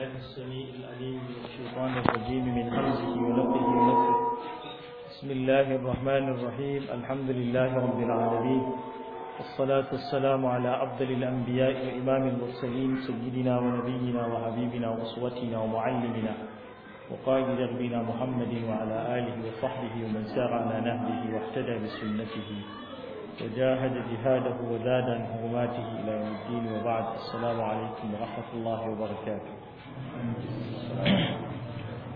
الله السميع العليم من الشيطان الرجيم من حمزه ونفه ونفه بسم الله الرحمن الرحيم الحمد لله رب العالمين الصلاة والسلام على أفضل الأنبياء وإمام المرسلين سيدنا ونبينا وحبيبنا وأسوتنا ومعلمنا وقائد دربنا محمد وعلى آله وصحبه ومن سار على نهجه واهتدى بسنته وجاهد جهاده وزاد عن إلى يوم الدين وبعد السلام عليكم ورحمة الله وبركاته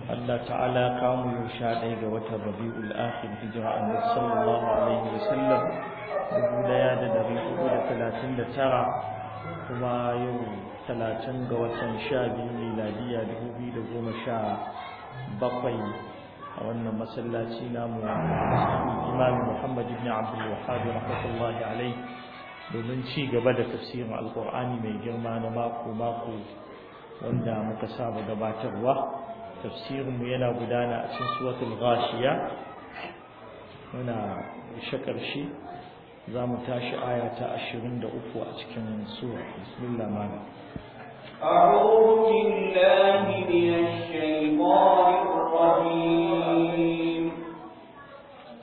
Allah ta'ala kamu yau sha ɗaya ga wata babi ul'afin hijira annabi Allah alaihi wa sallam dubu ɗaya da dari hudu da talatin da tara kuma yau talatin ga watan sha biyu ladiya dubu biyu da goma sha bakwai a wannan masallaci namu imam Muhammad ibn Abdul Wahhab rahmatullahi alaihi domin ci gaba da tafsirin alqur'ani mai girma na mako mako wanda muka saba gabatarwa tafsirinmu yana gudana a cikin suratul ghashiya muna shakar za mu tashi aya ta 23 a cikin sura bismillah ma أعوذ بالله من الشيطان الرجيم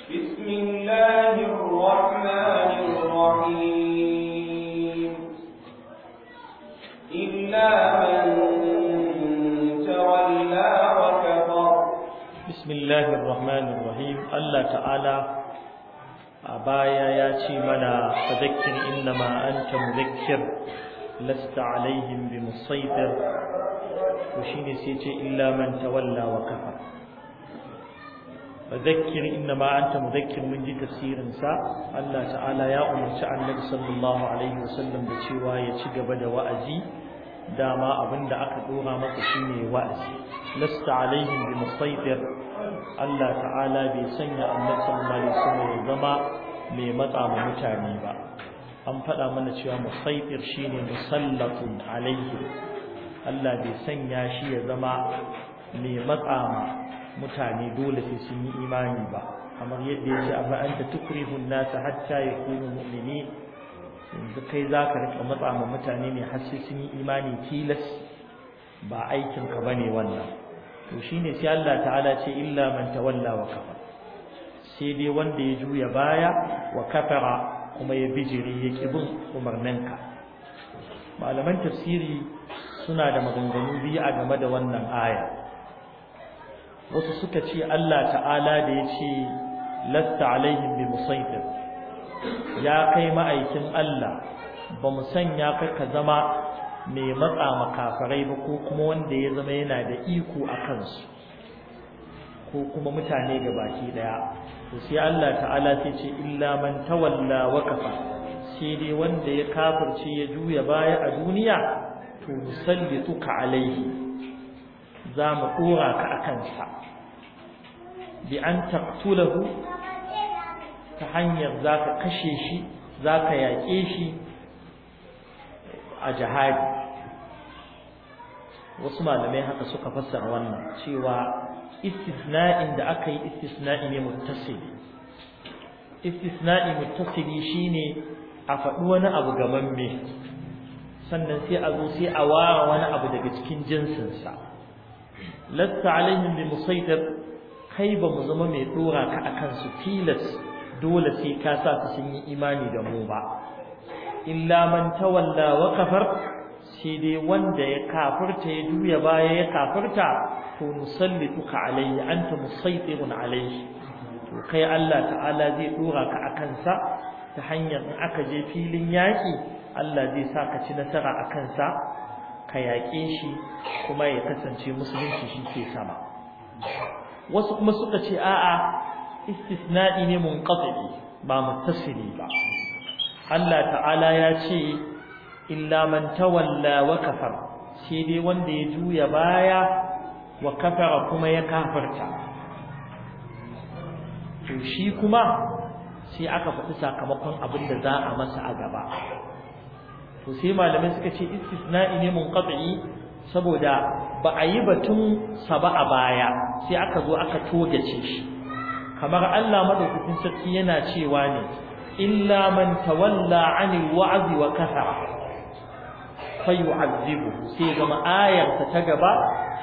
بسم الله الرحمن الرحيم Bismillahir Rahmanir Rahim Allah ta'ala a baya ya ce mana fadakkir innama anta mudakkir lasta alaihim bimusaytir to shine sai ce illa man tawalla wa kafa fadakkir innama anta mudakkir mun ji tafsirin Allah ta'ala ya umarci Annabi sallallahu alaihi wasallam da cewa ya ci gaba da wa'azi dama da aka dora masa shine wa'azi lasta alaihim bi musaytir Allah ta'ala bai sanya annabi sallallahu alaihi ya zama mai matsa ma mutane ba an faɗa mana cewa shi ne musallatun alaihi Allah bai sanya shi ya zama mai matsa ma mutane dole sai sun yi imani ba kamar yadda ya ce amma anta tukrihun nasa hatta kuma mu'minin yanzu kai za ka rika matsa ma mutane ne har sai sun yi imani tilas ba aikinka ba ne wannan to shine sai Allah ta'ala ce illa man tawalla wa kafar sai dai wanda ya juya baya wa kafara kuma ya bijiri ya bin umarninka malaman tafsiri suna da maganganu biyu a game da wannan aya wasu suka ce Allah ta'ala da ya ce lasta alaihim bi musaitir ya kai ma'aikin Allah ba mu sanya ka ka zama mai matsa makafarai ba ko kuma wanda ya zama yana da iko a kansu ko kuma mutane ga baki daya to sai Allah ta'ala sai ce illa man tawalla wa kafa sai dai wanda ya kafirce ya juya baya a duniya to musallituka alaihi za mu dora ka akan sa bi an taqtulahu ta hanyar za ka kashe shi za ka yaƙe shi a jihadi wasu malamai haka suka fassara wannan cewa istisna'in da aka yi istisna'i ne muttasili istisna'i shi shine a faɗi wani abu mamme, sannan sai a zo sai a wara wani abu daga cikin jinsinsa lasta alaihim bi musaitar kai ba mu zama mai dora ka akan su tilas dole sai ka sa su sun yi imani da mu ba illa man tawalla wa kafar sai dai wanda ya kafirta ya juya baya ya kafirta to nusallituka alayhi anta musaytirun alayhi to kai Allah ta'ala zai dora ka akan sa ta hanyar in aka je filin yaki Allah zai sa ka ci nasara akan sa ka yaƙe shi kuma ya kasance musulunci shi ke sama wasu kuma suka ce a'a istisna'i ne munqati ba muttasili ba Allah ta'ala ya ce illa man tawalla wa kafar sai dai wanda ya juya baya wa kafara kuma ya kafarta to shi kuma sai aka faɗi sakamakon abin da za a masa a gaba to sai malamai suka ce istisna'i ne munqati saboda ba a yi batun sa ba a baya sai aka zo aka togace shi kamar Allah madaukakin sarki yana cewa ne illa man tawalla anil wa'zi wa kasara fayu'azzibu sai zama ayar ta ta gaba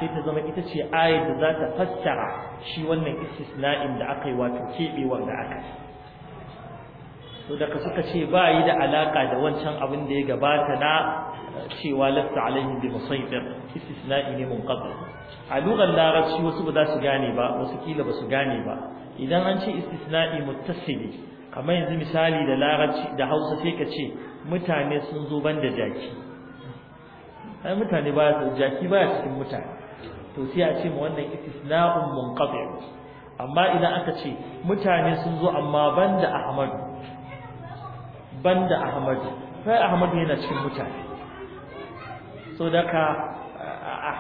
sai ta zama ita ce ayar da za ta fassara shi wannan istisna'in da aka yi wato kebewar da aka yi to daga suka ce ba yi da alaka da wancan abin da ya gabata na cewa lafta alaihim bi musaytir istisna'i ne munqadi a lugar larabci wasu ba za su gane ba wasu kila ba su gane ba idan an ce istisna'i muttasili kamar yanzu misali da larabci da hausa sai ka ce mutane sun zo ban da jaki ai mutane ba su jaki ba cikin mutane to sai a ce ma wannan istisna'un munqati amma idan aka ce mutane sun zo amma ban da ahmad ban da ahmad Sai ahmad yana cikin mutane so daka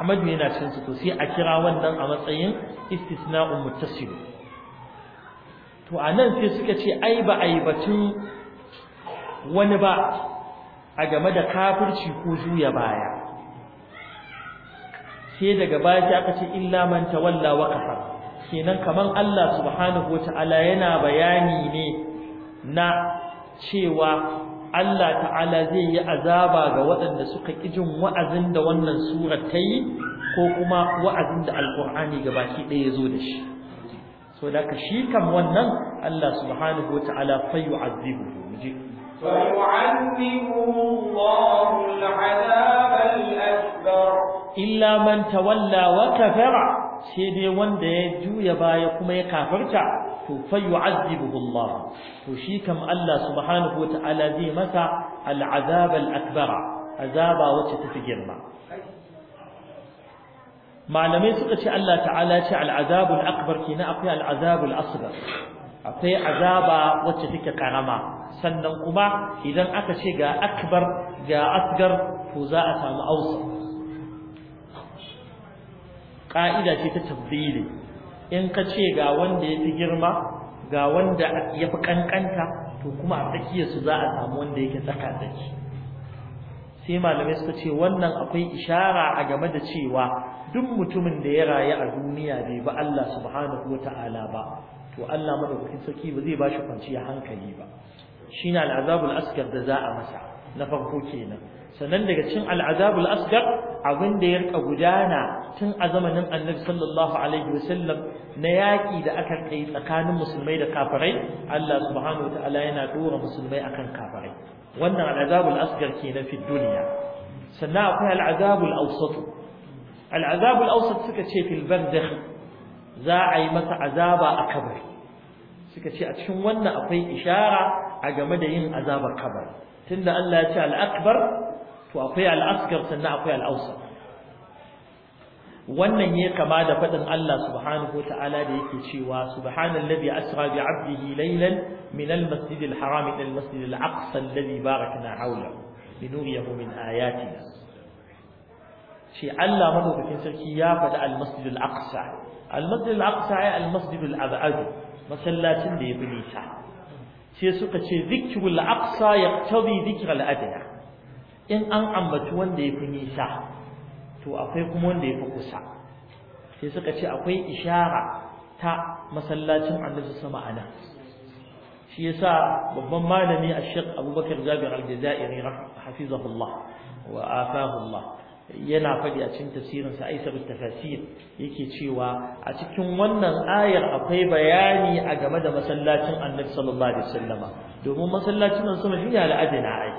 Ahmadu yana cin su to sai a kira wannan a matsayin istisna'un muttasil to anan sai suka ce ai ba ai batun wani ba a game da kafirci ko juya baya sai daga baya sai aka ce illa man tawalla wa kafar kenan kaman Allah subhanahu wataala yana bayani ne na cewa Allah ta'ala zai yi azaba ga waɗanda suka kijin wa'azin da wannan sura ta yi ko kuma wa'azin da alƙur'ani baki ɗaya zo da shi so da ka shi kan wannan Allah subhanahu wa ta'ala fayu azibu muje illa man tawalla wa kafara sai dai wanda ya juya baya kuma ya kafarta to fa yu'azzibuhu Allah to shi kam Allah subhanahu wata'ala zai masa al'azab al'akbara azaba wacce tafi girma malamai suka ce Allah ta'ala ce al'azab al'akbar kina akwai al'azab al'asghar akwai azaba wacce take karama sannan kuma idan aka ce ga akbar ga asgar to za a samu ausa ka'ida ce ta tabbili in ka ce ga wanda ya fi girma ga wanda ya fi kankanta to kuma a tsakiyarsu za a samu wanda yake tsaka tsaki sai malamai suka ce wannan akwai ishara a game da cewa duk mutumin da ya rayu a duniya bai ba Allah subhanahu wata'ala ba to Allah madaukakin sarki ba zai ba shi hankali ba shine al'azabul asgar da za a masa na farko kenan sannan daga cin al'azabul asgar abin da ya rika gudana tun a zamanin annabi sallallahu alaihi sallam. na yaƙi da aka kai tsakanin musulmai da kafirai Allah subhanahu wataala yana dora musulmai akan kafirai wannan al'azabul asgar kenan fi duniya sannan akwai al'azabul awsat al'azabul awsat suka ce fil barzakh za a yi masa azaba a kabari suka ce a cikin wannan akwai ishara a game da yin azabar kabari tunda Allah ya ce al-akbar to akwai al sannan akwai al-awsat wannan ya kama da faɗin Allah subhanahu ta'ala da yake cewa subhanallazi asra bi 'abdihi laylan min al-masjid al-haram ila al-masjid al-aqsa alladhi barakna hawla linuriyahu min ayatina shi Allah madaukakin sarki ya faɗi al-masjid al-aqsa al-masjid al-aqsa ya al-masjid al-ab'ad masallacin da yafi nisa sai suka ce dhikrul aqsa yaqtadi dhikral adna in an ambaci wanda yafi nisa to akwai kuma wanda ya fi kusa sai suka ce akwai ishara ta masallacin annabi sama ana shi yasa babban malami ash-shaykh Abubakar Jabir al-Jazairi hafizahullah wa afahullah yana faɗi a cikin tafsirin sa Aisha bint Tafasir yake cewa a cikin wannan ayar akwai bayani a game da masallacin Annabi sallallahu alaihi wasallama domin masallacin nan sama ne al-adna ai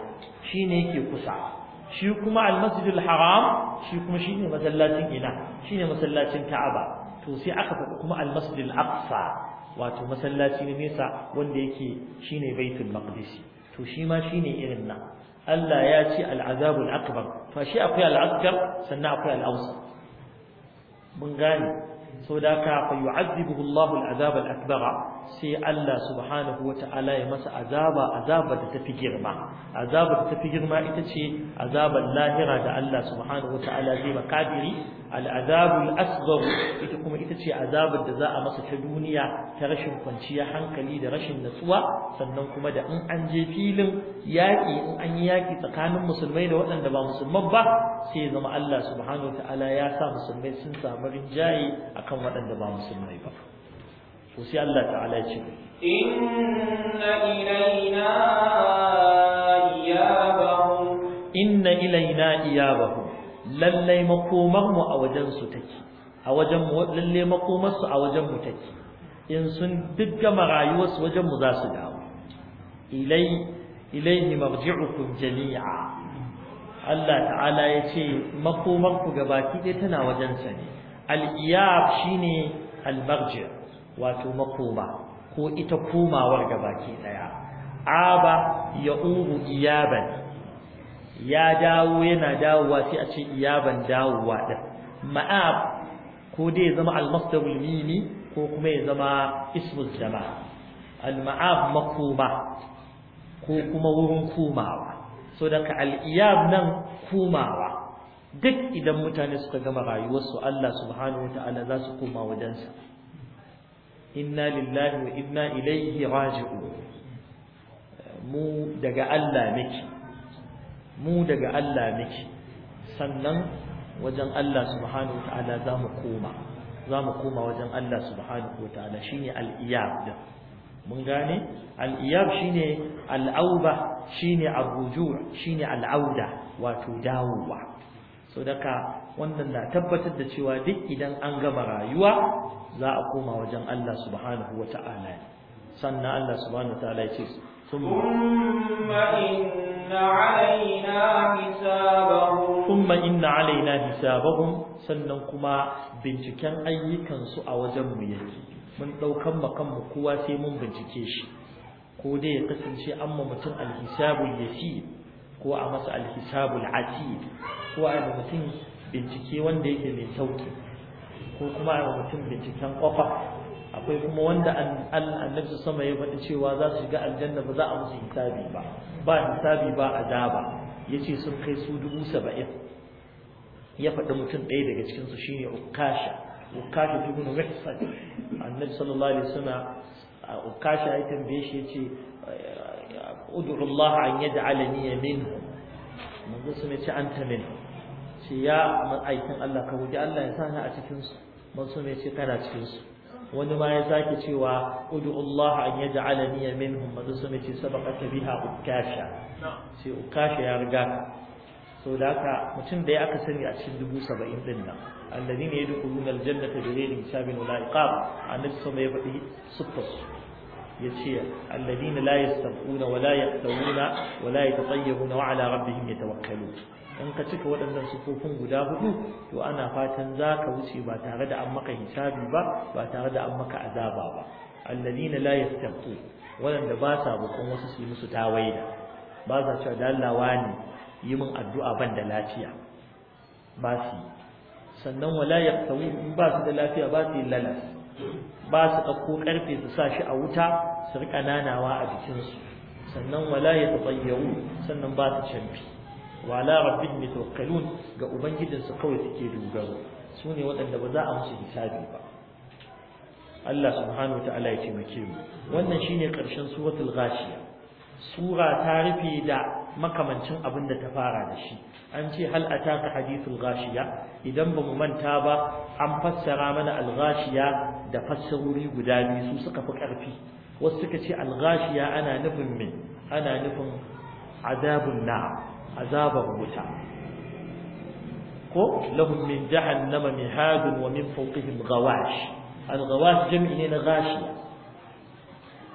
ne yake kusa shi kuma almasjidul haram shi kuma shine masallacin ina shine masallacin ka'aba to sai aka faɗi kuma almasjidul aqsa wato masallaci ne nesa wanda yake shine baitul maqdis to shi ma shine irin nan Allah ya ce al'azabul akbar fa shi akwai al'akbar sannan akwai al'awsat mun gane saboda ka fa yu'azzibuhu Allahu al'azab al sai Allah subhanahu wata'ala ya masa azaba azaba da tafi girma azaba da tafi girma ita ce azabar lahira da Allah subhanahu wata'ala zai makadiri al'azabul asghar ita kuma ita ce azabar da za a masa ta duniya ta rashin kwanciya hankali da rashin natsuwa sannan kuma da in an je filin yaƙi in an yi yaƙi tsakanin musulmai da waɗanda ba musulman ba sai zama Allah subhanahu wata'ala ya sa musulmai sun samu rinjaye akan waɗanda ba musulmai ba to sai Allah ta'ala ya ce inna ilaina iyabahum inna ilaina iyabahum lallai makomar mu a wajen su take a wajen mu lalle makomar su a wajen mu take in sun dukkan rayuwar su wajen mu za su dawo ilai ilaihi marji'ukum jami'a Allah ta'ala ya ce makomar ku gabaki ɗaya tana wajen sa ne al-iyab shine al-marji' wato makoma ko ita komawar baki daya aba ya ubu iyaban ya dawo yana dawowa sai a ce iyaban dawowa din ma'ab ko dai ya zama al-masdarul mimi ko kuma ya zama ismul jama' al-ma'ab makoma ko kuma wurin komawa so daga al-iyab nan komawa duk idan mutane suka gama rayuwarsu Allah subhanahu wataala za su koma wajensa inna lillahi wa inna ilaihi raji'un mu daga Allah muke mu daga Allah muke sannan wajen Allah subhanahu wataala za mu koma za mu koma wajen Allah subhanahu Ta'ala shine al-iyab din mun gane al-iyab shine al-auba shine ar-ruju' shine al-auda wato dawowa so wannan na tabbatar da cewa duk idan an gama rayuwa za a koma wajen Allah subhanahu wata'ala sannan Allah subhanahu wata'ala ya ce ثم إن علينا حسابهم ثم إن علينا حسابهم sannan kuma binciken ayyukansu a wajenmu yake mun ɗaukan makanmu kowa sai mun bincike shi ko dai ya kasance an ma mutum alhisabul yasi ko a masa alhisabul atid ko a mutum bincike wanda yake mai sauki ko kuma a mutum binciken kwafa akwai kuma wanda annabi sama ya faɗi cewa za su shiga aljanna ba za a musu hisabi ba ba hisabi ba Ya yace sun kai su dubu saba'in ya faɗi mutum ɗaya daga cikin su shine ukasha ukasha ibn mihsan annabi sallallahu alaihi wasallam ukasha ya tambaye shi ya ce Allah an yaj'alani minhu manzo sun ce anta ce ya aikin Allah ka roki Allah ya sani a cikin su manzo mai ce kana cikin su wani ma ya sake cewa ud'u Allah an yaj'alani minhum manzo sai mai ce sabaqaka biha ukasha sai ukasha ya riga ka sau da haka mutum da ya aka sani a cikin dubu saba'in din nan alladhina yadkhuluna aljannata bighayri hisabin wala iqab annabi sama ya faɗi ya siffar yace alladhina la yastaquna wala yaqtawuna wala yatatayyibuna wa ala rabbihim yatawakkalun in ka cika waɗannan sufofin guda hudu to ana fatan za ka wuce ba tare da an maka hisabi ba ba tare da an maka azaba ba alladina la yastaqu waɗanda ba sa bukun wasu su yi musu tawaida ba za cewa da Allah ne yi min addu'a ban da lafiya ba su sannan wala yaqtawi in ba su da lafiya ba su yi lalas ba su ɗauko ƙarfe su sa shi a wuta su riƙa nanawa a jikinsu sannan wala ya sannan ba su canfi wala rabbin yatawakkalun ga su kawai suke dogaro su ne waɗanda ba za a musu hisabi ba Allah subhanahu wa ta'ala ya taimake mu wannan shine karshen suratul ghashiya sura ta rufe da makamancin abin da ta fara da shi an ce hal ataka hadithul ghashiya idan bamu manta ba an fassara mana al ghashiya da fassarori guda biyu su suka fi karfi wasu suka ce al ghashiya ana nufin me ana nufin azabun na'am azabar wuta ko lahum min mai mihadun wa min fawqihim ghawash al-ghawash jam'i ne na gashi.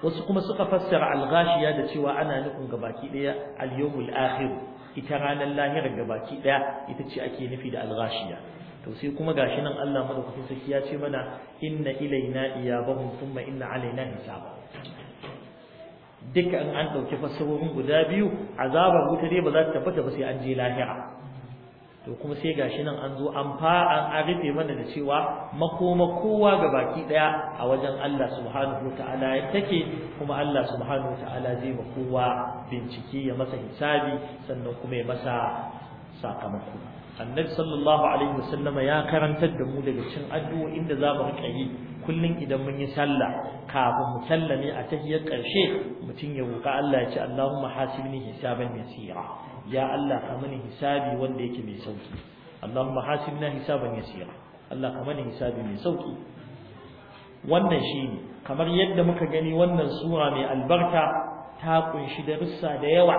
wasu kuma suka fassara al-gashiya da cewa ana nufin gabaki daya al-yawmul akhir ita ranar lahira gabaki daya ita ce ake nufi da al-gashiya to sai kuma gashi nan Allah madaukakin sarki ya ce mana inna ilaina iyabahum thumma inna alaina hisabahum duka in an ɗauki fassarorin guda biyu azabar wuta dai ba za ta tabbata ba sai an je lahira to kuma sai gashi nan an zo an fa an rufe mana da cewa makoma kowa ga baki daya a wajen Allah subhanahu wataala ya take kuma Allah subhanahu wataala zai ma kowa bincike ya masa hisabi sannan kuma ya masa sakamako annabi sallallahu alaihi wasallama ya karantar da mu daga cikin addu'o'in da zamu rika yi kullun idan mun yi sallah kafin mu sallame a tahiyyar ƙarshe, mutun ya roƙa Allah ya ce Allahumma hasibni hisaban yasira ya Allah ka mani hisabi wanda yake mai sauki Allahumma hasibna hisaban yasira Allah ka mani hisabi mai sauki wannan shine kamar yadda muka gani wannan sura mai albarka ta kunshi darussa da yawa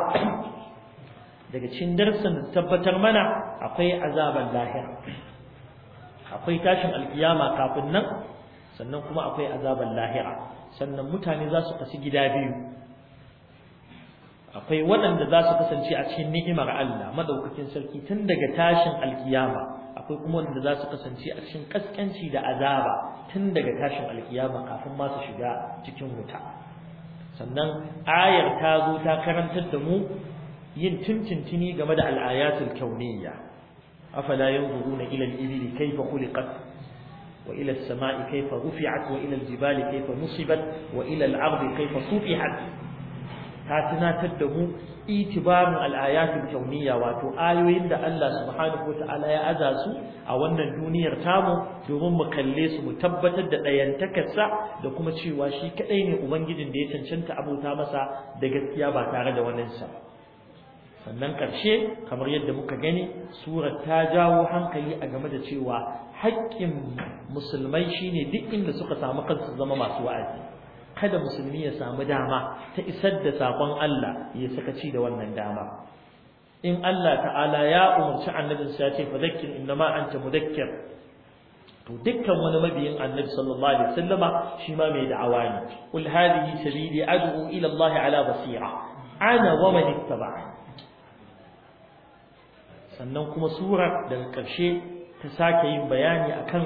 daga cikin darsin tabbatar mana akwai azaban lahira akwai tashin alkiyama kafin nan sannan kuma akwai azaban lahira sannan mutane za su kasu gida biyu akwai waɗanda za su kasance a cikin ni'imar Allah madaukakin sarki tun daga tashin alkiyama akwai kuma waɗanda za su kasance a cikin kaskanci da azaba tun daga tashin alkiyama kafin ma su shiga cikin wuta sannan ayar ta zo ta karantar da mu yin tuntuntuni game da al'ayatul kauniyya afala yanzuruna ila al-ibili kayfa khuliqat wa ila as-sama'i kayfa rufi'at wa ila al-jibali kayfa nusibat wa ila al-ardi kayfa sufihat ta tunatar da mu itibarun al'ayatul kauniyya wato ayoyin da Allah subhanahu wata'ala ya aza su a wannan duniyar tamu domin mu kalle su mu tabbatar da sa da kuma cewa shi kaɗai ne ubangijin da ya cancanta abota masa da gaskiya ba tare da waninsa ba sannan ƙarshe kamar yadda muka gani surar ta jawo hankali a game da cewa haƙƙin musulmai shine duk inda suka samu kansu zama masu wa'azi kada musulmi ya samu dama ta isar da sakon Allah ya ci da wannan dama in Allah ta'ala ya umarci annabin sa ce fa zakkir innama anta mudakkir to dukkan wani mabiyin annabi sallallahu alaihi wasallama shi ma mai da'awa ne Kul hadhihi sabili ad'u ila Allah ala basira ana wa man ittaba'ani sannan kuma surar daga ƙarshe ta sake yin bayani akan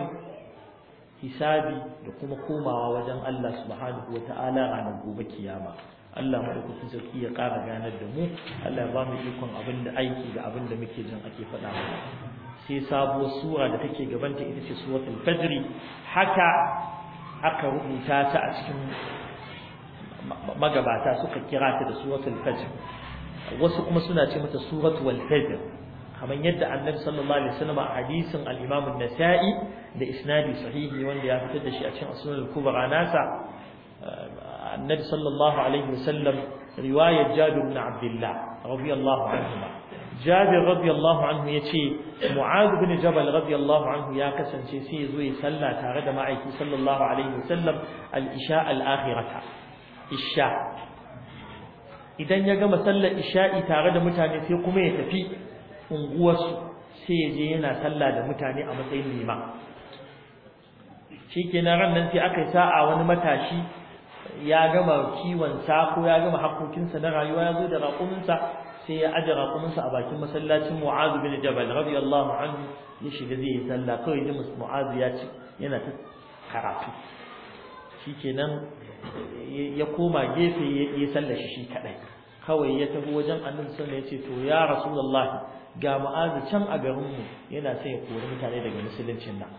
hisabi da kuma komawa wajen Allah subhanahu wa ta'ala ranar gobe kiyama Allah madaukakin sarki ya ƙara ganar da mu Allah ya ba mu ikon abin da aiki da abin da muke jin ake faɗa mana sai sabuwar sura da take gabanta ita ce suratul fajr haka aka rubuta ta a cikin magabata suka kira ta da suratul fajr wasu kuma suna ce mata suratul fajr kamar yadda annabi sallallahu alaihi wasallam a hadisin al-Imam an-Nasa'i da isnadi sahihi wanda ya fitar da shi a cikin Sunan al-Kubra nasa eh, annabi sallallahu alaihi wasallam riwayar Jabir ibn Abdullah radiyallahu anhu Jabir radiyallahu anhu yace Mu'adh ibn Jabal radiyallahu anhu ya kasance sai yazo ya salla tare da ma'aiki sallallahu alaihi wasallam al-isha al-akhirata isha idan ya gama sallar isha'i tare da mutane sai kuma ya tafi unguwarsu sai ya je yana sallah da mutane a matsayin lima shikenan rannan nan sai aka yi sa'a wani matashi ya gama kiwon sa ko ya gama hakokinsa na rayuwa ya zo da raƙuminsa sai ya aje raƙuminsa a bakin masallacin mu'azu bin Jabal radiyallahu anhu ya shiga zai yi sallah kawai ji Mu'azu ya ci yana ta karatu shikenan ya koma gefe ya sallar shi kaɗai kawai ya tafi wajen annabi sallallahu alaihi wasallam ya ce to ya rasulullahi ga mu'azu can a garinmu yana sai ya kori mutane daga musuluncin nan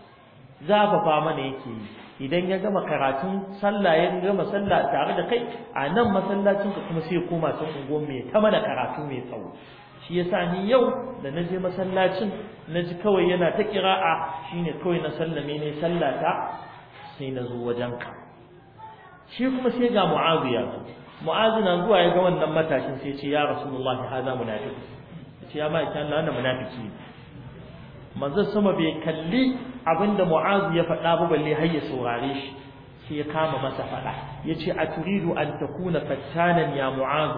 zafafa mana yake yi idan ya gama karatun sallah ya gama sallah tare da kai a nan masallacin ka kuma sai ya koma ta unguwar mai ta mana karatu mai tsawo shi yasa ni yau da na je masallacin na ji kawai yana ta kira'a shine kawai na sallame ne sallata sai na zo wajen ka shi kuma sai ga mu'azu ya zo mu'azu na zuwa ya ga wannan matashin sai ya ce ya rasulullahi haza munafiq ce ya ma'aiki Allah wannan munafiki sama bai kalli abinda Mu'az ya faɗa ba balle har ya saurare shi sai ya kama masa faɗa yace aturidu an takuna fattanan ya Mu'az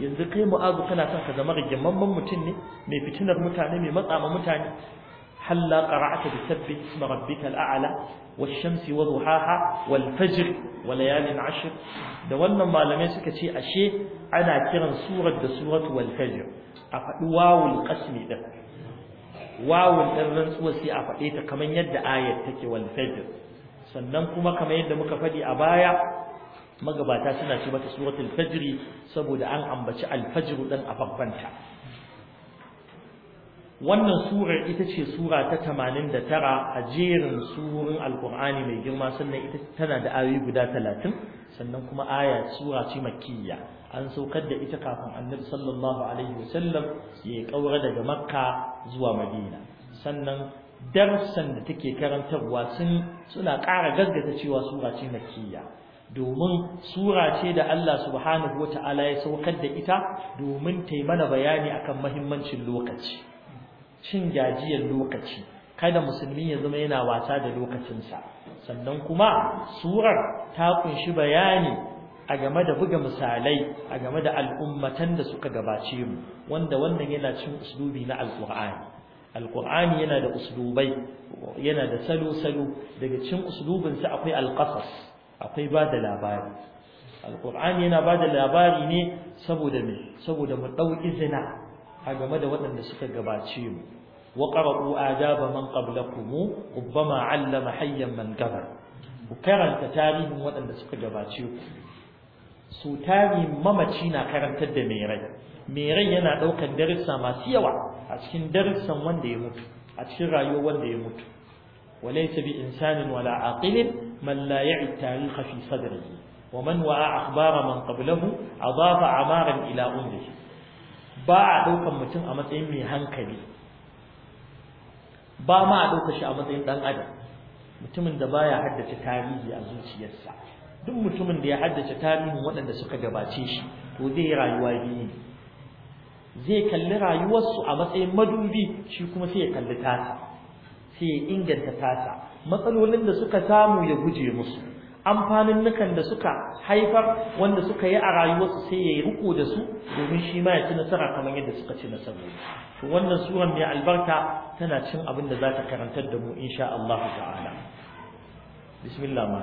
yanzu kai Mu'az kana son ka zama rigimamman mutum ne mai fitinar mutane mai matsa mutane halla qara'ata bi sabbi isma rabbikal a'la والشمس وضحاها والفجر وليال عشر da wannan malamai suka ce ashe ana kiran surar da suratu wal fajr a faɗi wawul qasmi din wawul din rantsuwa sai a faɗe ta kamar yadda ayat take wal fajr sannan kuma kamar yadda muka faɗi a baya magabata suna ce mata suratul fajr saboda an ambaci al fajr din a babbanta wannan surar ita ce sura ta 89 a jerin surorin alkur'ani mai girma sannan ita tana da ayoyi guda 30 sannan kuma aya sura ce makkiya an saukar da ita kafin annabi sallallahu alaihi wasallam ya kaura daga makka zuwa madina sannan darussan da take karantarwa sun suna ƙara gaggata cewa sura ce makkiya domin sura ce da Allah subhanahu wata'ala ya saukar da ita domin ta yi mana bayani akan mahimmancin lokaci cin gajiyar lokaci kada musulmi ya zama yana wasa da lokacinsa sannan kuma surar ta kunshi bayani a game da buga misalai a game da al'ummatan da suka gabace mu wanda wannan yana cin uslubi na alqur'ani alqur'ani yana da uslubai yana da salo salo daga cin uslubinsa akwai alqasas akwai ba labari alqur'ani yana ba labari ne saboda me saboda mu dauki zina. a game da waɗanda suka gabace mu wa qara'u adaba man qablakum rubbama 'allama hayyan man ku karanta tarihin waɗanda suka gabace ku su tarihin mamaci na karantar da mai rai mai rai yana ɗaukar darussa masu yawa a cikin darussan wanda ya mutu a cikin rayuwar wanda ya mutu وليس بإنسان ولا عاقل من لا يعي التاريخ في صدره ومن وعى أخبار من قبله أضاف عمارا إلى أنره ba a ɗaukar mutum a matsayin mai hankali ba ma a ɗaukar shi a matsayin ɗan adam mutumin da baya haddace tarihi a zuciyarsa duk mutumin da ya haddace tarihin waɗanda suka gabace shi to zai rayuwa biyu zai kalli rayuwarsu a matsayin madubi shi kuma sai ya kalli tasa sai ya inganta tasa matsalolin da suka samu ya guje musu amfanin nukan da suka haifar wanda suka yi a rayuwarsu sai ya yi riko da su domin shi ma ya ci nasara kamar yadda suka ci nasarori to wannan suran mai albarka tana cin abin da za ta karantar da mu insha Allah ta'ala bismillah ma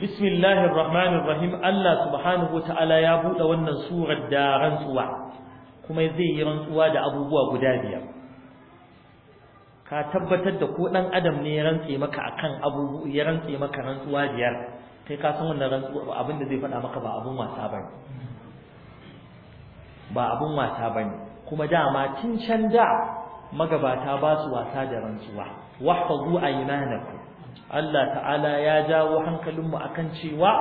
bismillahir rahmanir rahim Allah subhanahu wa ta'ala ya bude wannan surar da rantsuwa kuma zai yi rantsuwa da abubuwa guda biyar ka tabbatar da ko ɗan adam ne ya rantse maka akan abubu ya rantse maka rantsuwa biyar kai ka san wannan rantsuwa abin da zai faɗa maka ba abun wasa bane ba abun wasa bane kuma dama tun can da magabata ba su wasa da rantsuwa wahfazu aymanakum Allah ta'ala ya jawo hankalinmu akan cewa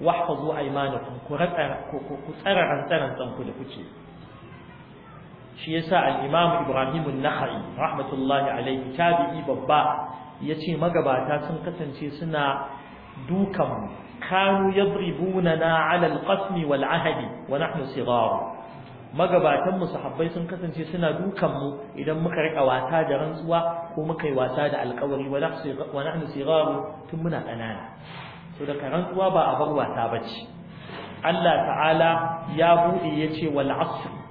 wahfazu aymanakum ku ku tsara rantsaran ku da kuke shi yasa al-Imam Ibrahim an-Nakhai rahmatullahi alayhi tabi'i babba yace magabata sun kasance suna dukan kanu yadribuna na 'ala al-qasmi wal 'ahdi wa nahnu sighar magabatan mu sahabbai sun kasance suna dukan mu idan muka rika wasa da rantsuwa ko muka yi wasa da alƙawari wa nahnu sighar tun muna ƙanana so da rantsuwa ba a bar wasa bace Allah ta'ala ya buɗe yace wal 'asr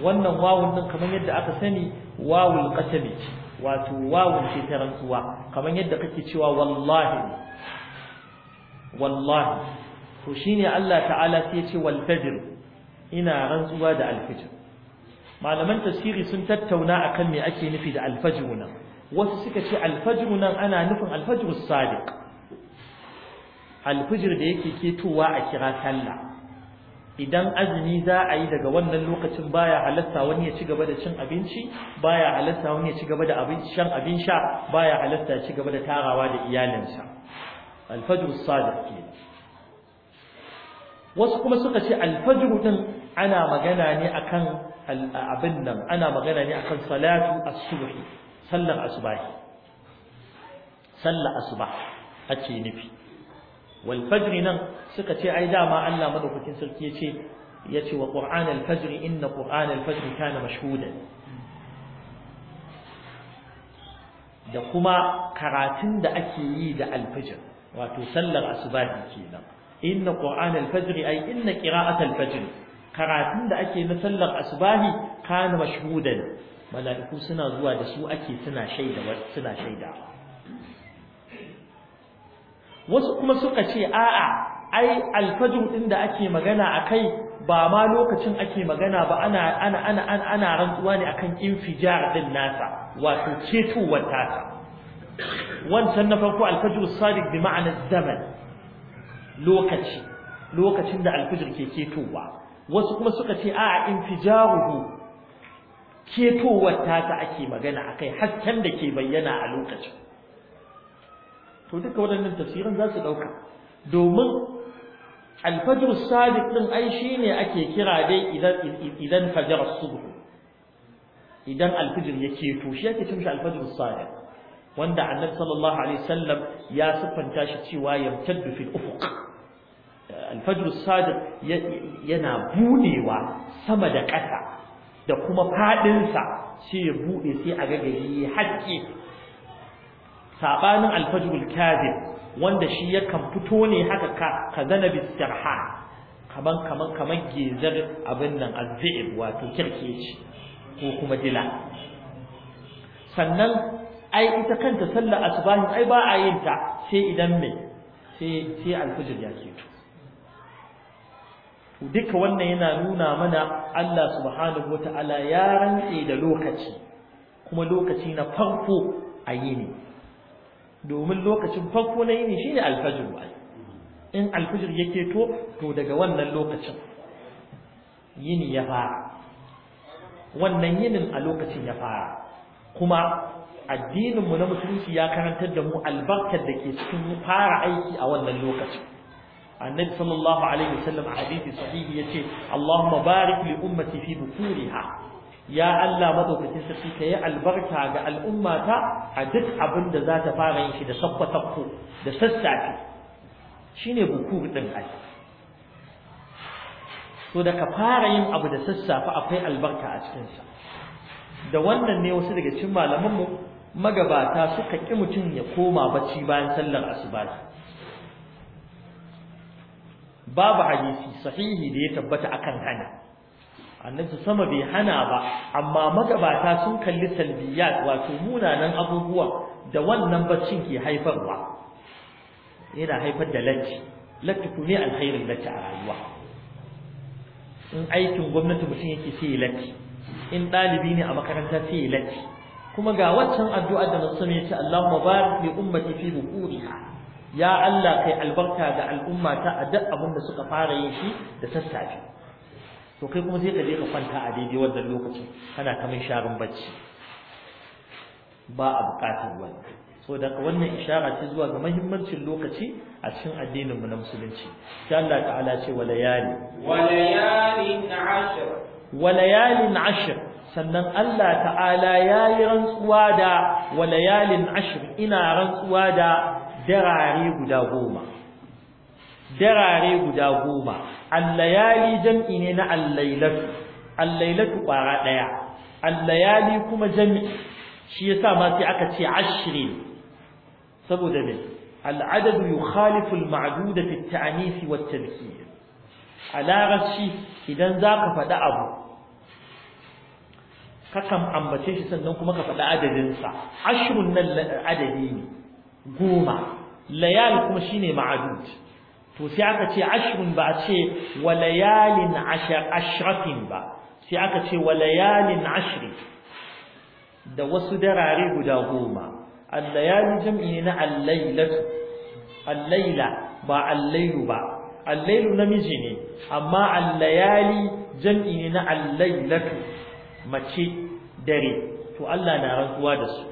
wannan wawun din kamar yadda aka sani wawul qasami ce wato wawun ce ta rantsuwa Kaman yadda kake cewa wallahi wallahi to shine Allah ta'ala sai ya ce wal fajr ina rantsuwa da alfijir malaman tafsiri sun tattauna akan me ake nufi da alfajr nan wasu suka ce alfajr nan ana nufin alfajr sadiq alfijir da yake ketowa a kira sallah idan azumi za a yi daga wannan lokacin baya halatta wani ya ci gaba da cin abinci baya halatta wani ya ci gaba da shan abin sha baya halatta ya ci gaba da tarawa da iyalinsa alfajr sadiq ke wasu kuma suka ce alfajr din ana magana ne akan abin nan ana magana ne akan salatu as-subhi sallar Asubah, sallar Asubah, ake nufi wal fajr nan suka ce ai dama Allah madaukakin sarki yace yace wa qur'an al fajr inna qur'an al fajr kana mashhuda da kuma karatun da ake yi da al fajr wato sallar asubahi kenan inna qur'an al fajr ai inna qira'at al fajr karatun da ake na sallar asubahi kana mashhudan mala'iku suna zuwa da su ake suna shaida suna shaida wasu kuma suka ce a'a ai alfajr din da ake magana akai ba ma lokacin ake magana ba ana ana ana ana, ana rantsuwa ne akan infijar din nasa wato cetowar tasa wancan na farko alfajr sadiq bi ma'ana zaman lokaci lokacin da alfajr ke ketowa wasu kuma suka ce a'a infijaruhu ketowar tasa ake magana akai hasken da ke bayyana a lokacin to duka waɗannan tafsirin za su ɗauka domin alfajr sadiq ɗin ai ne ake kira dai idan fajar subh idan alfajr ya keto shi yake cin alfajr sadiq wanda annabi sallallahu alaihi wasallam ya sufanta shi cewa yamtaddu fil ufuq alfajr sadiq yana budewa sama da ƙasa da kuma faɗinsa sa sai ya buɗe sai a ga gari hakke sabanin alfajrul kadhib wanda shi yakan fito ne haka ka kazana bisirha kaman kaman kaman gezar abin nan azzib wato kirkeci ko kuma dila sannan ai ita kanta sallar asbahin ai ba a yin ta sai idan me sai sai alfajr ya to. duka wannan yana nuna mana Allah subhanahu wataala ya rantse da lokaci kuma lokaci na farko a yini domin lokacin farko na yini shine alfajr wai in alfajr yake to to daga wannan lokacin yini ya fara wannan yinin a lokacin ya fara kuma addinin mu na musulunci ya karantar da mu albarkar da ke cikin fara aiki a wannan lokacin annabi sallallahu alaihi wasallam a hadisi sahihi yace Allahumma barik li ummati fi bukuriha ya Allah madaukakin sarki ka yi albarka ga al'ummata a duk abin da za ta fara yin shi da sabba da sassafe shine buku din ai to da ka fara yin abu da sassafe akwai albarka a cikin sa da wannan ne wasu daga cikin malaman mu magabata suka ki mutum ya koma bacci bayan sallar asuba babu hadisi sahihi da ya tabbata akan hana annabi sama bai hana ba amma magabata sun kalli salbiyat wato munanan abubuwa da wannan baccin ke haifarwa yana haifar da latti latti kuma alkhairin latti a rayuwa in aikin gwamnati mutum yake sai latti in ɗalibi ne a makaranta sai latti kuma ga waccan addu'a da musulmi ya ce Allahumma barik li ummati fi buquriha ya Allah kai albarka ga al'umma ta a duk abin da suka fara yin shi da sassafe to kai kuma sai ka je ka kwanta a daidai wannan lokacin kana ta mai sharin bacci ba a buƙatar wannan so da wannan ishara ce zuwa ga muhimmancin lokaci a cikin addinin mu na musulunci sai Allah ta'ala ce walayali walayalin ashr walayalin ashr sannan Allah ta'ala yayi rantsuwa da walayalin ashr ina rantsuwa da darare guda goma darare guda goma allayali jam'i ne na allailatu allailatu kwara daya allayali kuma jam'i shi yasa ma sai aka ce ashrin saboda me al'adad yukhalifu al-ma'dud fi at-ta'nis wa at-tadhkir alarashi idan zaka faɗi abu kakan ambace shi sannan kuma ka faɗi adadin sa ashrun nan adadi ne goma layal kuma shine ma'dud to sai aka ce ashrun ba a ce walayalin ashrafin ba sai aka ce walayalin ashri da wasu darare guda goma allayali jam'i ne na allailatu allaila ba allailu ba allailu namiji ne amma allayali jam'i ne na allailatu mace dare to Allah na rantsuwa da su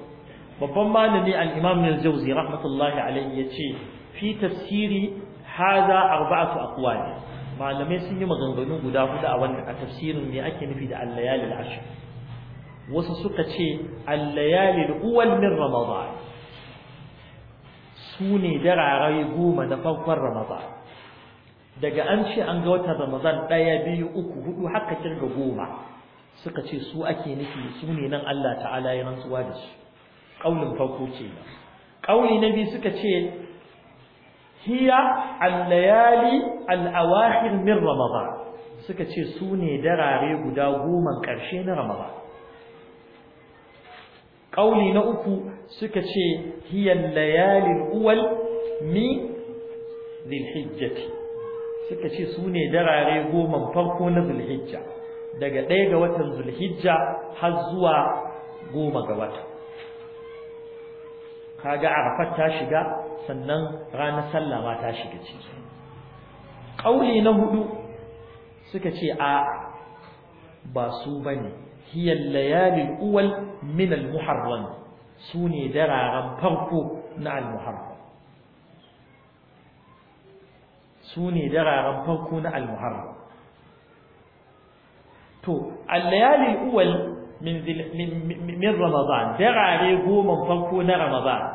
babban malami al-imam al-jawzi rahmatullahi alayhi yace fi tafsiri hadha arba'atu aqwal malamai sun yi maganganu guda hudu a wannan a tafsirin me ake nufi da al-layali al-ashr wasu suka ce al-layali al-awwal min ramadan sune dararai goma da farkon ramadan daga an ce an ga watan ramadan daya biyu uku hudu haka kirga goma suka ce su ake nufi sune nan Allah ta'ala ya rantsuwa da su kaulin farko kenan kauli na biyu suka ce hiya al-layali al-awakhir min ramadan suka ce su ne darare guda goma ƙarshe na ramadan ƙauli na uku suka ce hiyan al-layali al-awwal suka ce su ne darare goma farko na zulhijja daga ɗaya ga watan zulhijja har zuwa goma ga wata kaga arafat ta shiga sannan ranar sallah ma ta shiga ciki ƙauli na hudu suka ce a ba su bane hiya layalil uwal min al muharram su ne dararen farko na al muharram su ne dararen farko na al muharram to al layalil uwal min min ramadan darare goma farko na ramadan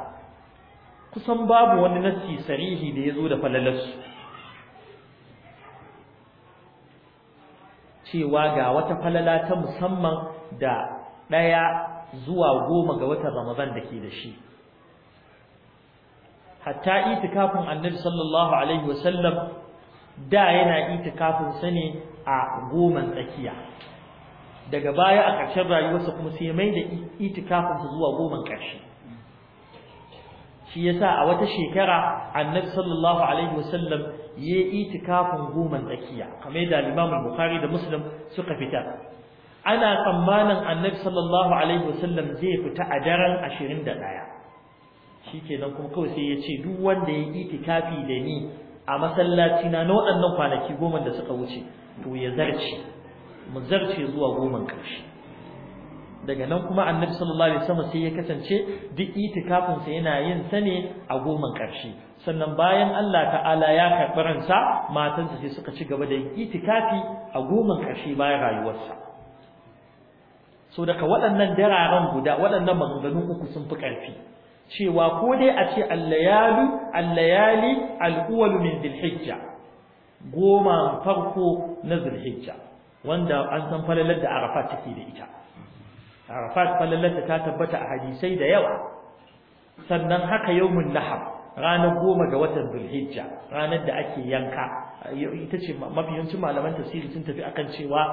kusan babu wani nassi sarihi da ya zo da falalarsu cewa ga wata falala ta musamman da ɗaya zuwa goma ga watan ramadan da ke da shi hatta itikafin annabi sallallahu alaihi wasallam da yana itikafin sa ne a goman tsakiya daga baya a ƙarshen rayuwarsa kuma sai mai da itikafin zuwa goman ƙarshe shi yasa a wata shekara annabi sallallahu alaihi wasallam ya itikafin goma tsakiya kamar da Imam Bukhari da Muslim suka fita ana tsammanin annabi sallallahu alaihi wasallam zai fita a daren 21 shikenan kuma kawai sai ya ce duk wanda ya itikafi da ni a masallaci na na waɗannan kwanaki goma da suka wuce to ya zarce mu zarce zuwa goma ƙarshe daga nan kuma annabi sallallahu alaihi wasallam sai ya kasance duk itikafin sa yana yin sa ne a goman karshe sannan bayan Allah ta'ala ya karɓi ransa matansa sai suka ci gaba da itikafi a goman karshe bayan rayuwarsa so daga waɗannan dararen guda waɗannan maganganun uku sun fi ƙarfi cewa ko dai a ce allayalu allayali al'uwalu min dhilhijja goma farko na dhilhijja wanda an san falalar da arafa take da ita arafat falallarta ta tabbata a hadisai da yawa sannan haka yawmun lahab ranar goma ga watan zulhijja ranar da ake yanka ita ce mafi malaman tafsiri sun tafi akan cewa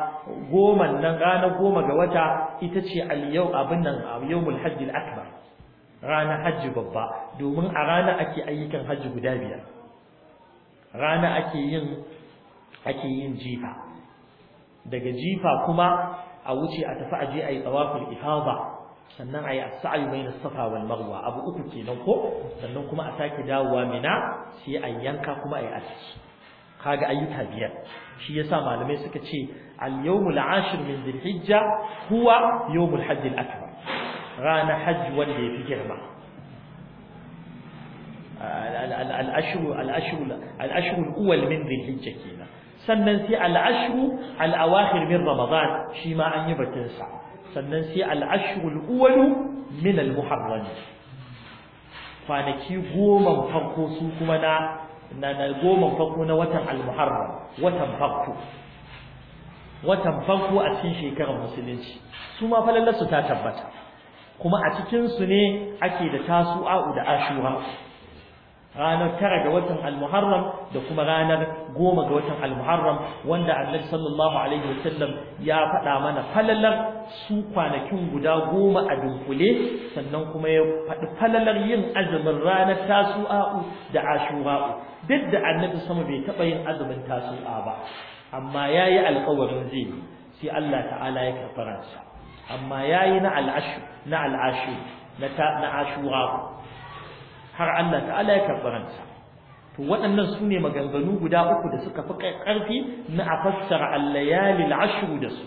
goman nan ranar goma ga wata ita ce al-yau abin nan yawmul hajjil akbar ranar hajji babba domin a rana ake ayyukan hajji guda biyar Ranar ake yin ake yin jifa daga jifa kuma a wuce a tafi aje ayi tawaful ifada sannan ayi as-sa'i bayna safa wal marwa abu uku kenan ko sannan kuma a sake dawowa mina sai ayi yanka kuma ayi aski kaga ayyuka biyar shi yasa malamai suka ce al-yawmul ashir min dhil-hijja huwa yawmul hajj al-akbar rana hajj wanda yafi girma al-ashru al-ashru al-ashru al-awwal min dhil-hijja kenan sannan sai al'ashru al'awahir min ramadan shi ma an yi batun sa sannan sai al'ashru al'uwalu min al-muharram kwanaki goma farko su kuma na na goma farko na watan al-muharram watan farko watan farko a cikin shekarar musulunci su ma su ta tabbata kuma a cikin su ne ake da tasu'a da ashura ranar tara ga watan al da kuma ranar goma ga watan al wanda annabi sallallahu alaihi wasallam ya faɗa mana falalar su kwanakin guda goma a dunkule sannan kuma ya faɗi falalar yin azumin ranar tasu'a'u da ashura'u duk da annabi sama bai taɓa yin azumin tasu'a ba amma ya yi alkawarin zai yi sai Allah ta'ala ya karɓi ransa amma ya yi na al'ashu na al'ashu na ashura'u har Allah ta'ala ya karbaranta to waɗannan sune maganganu guda uku da suka fi ƙarfi na a fassara al-layali al da su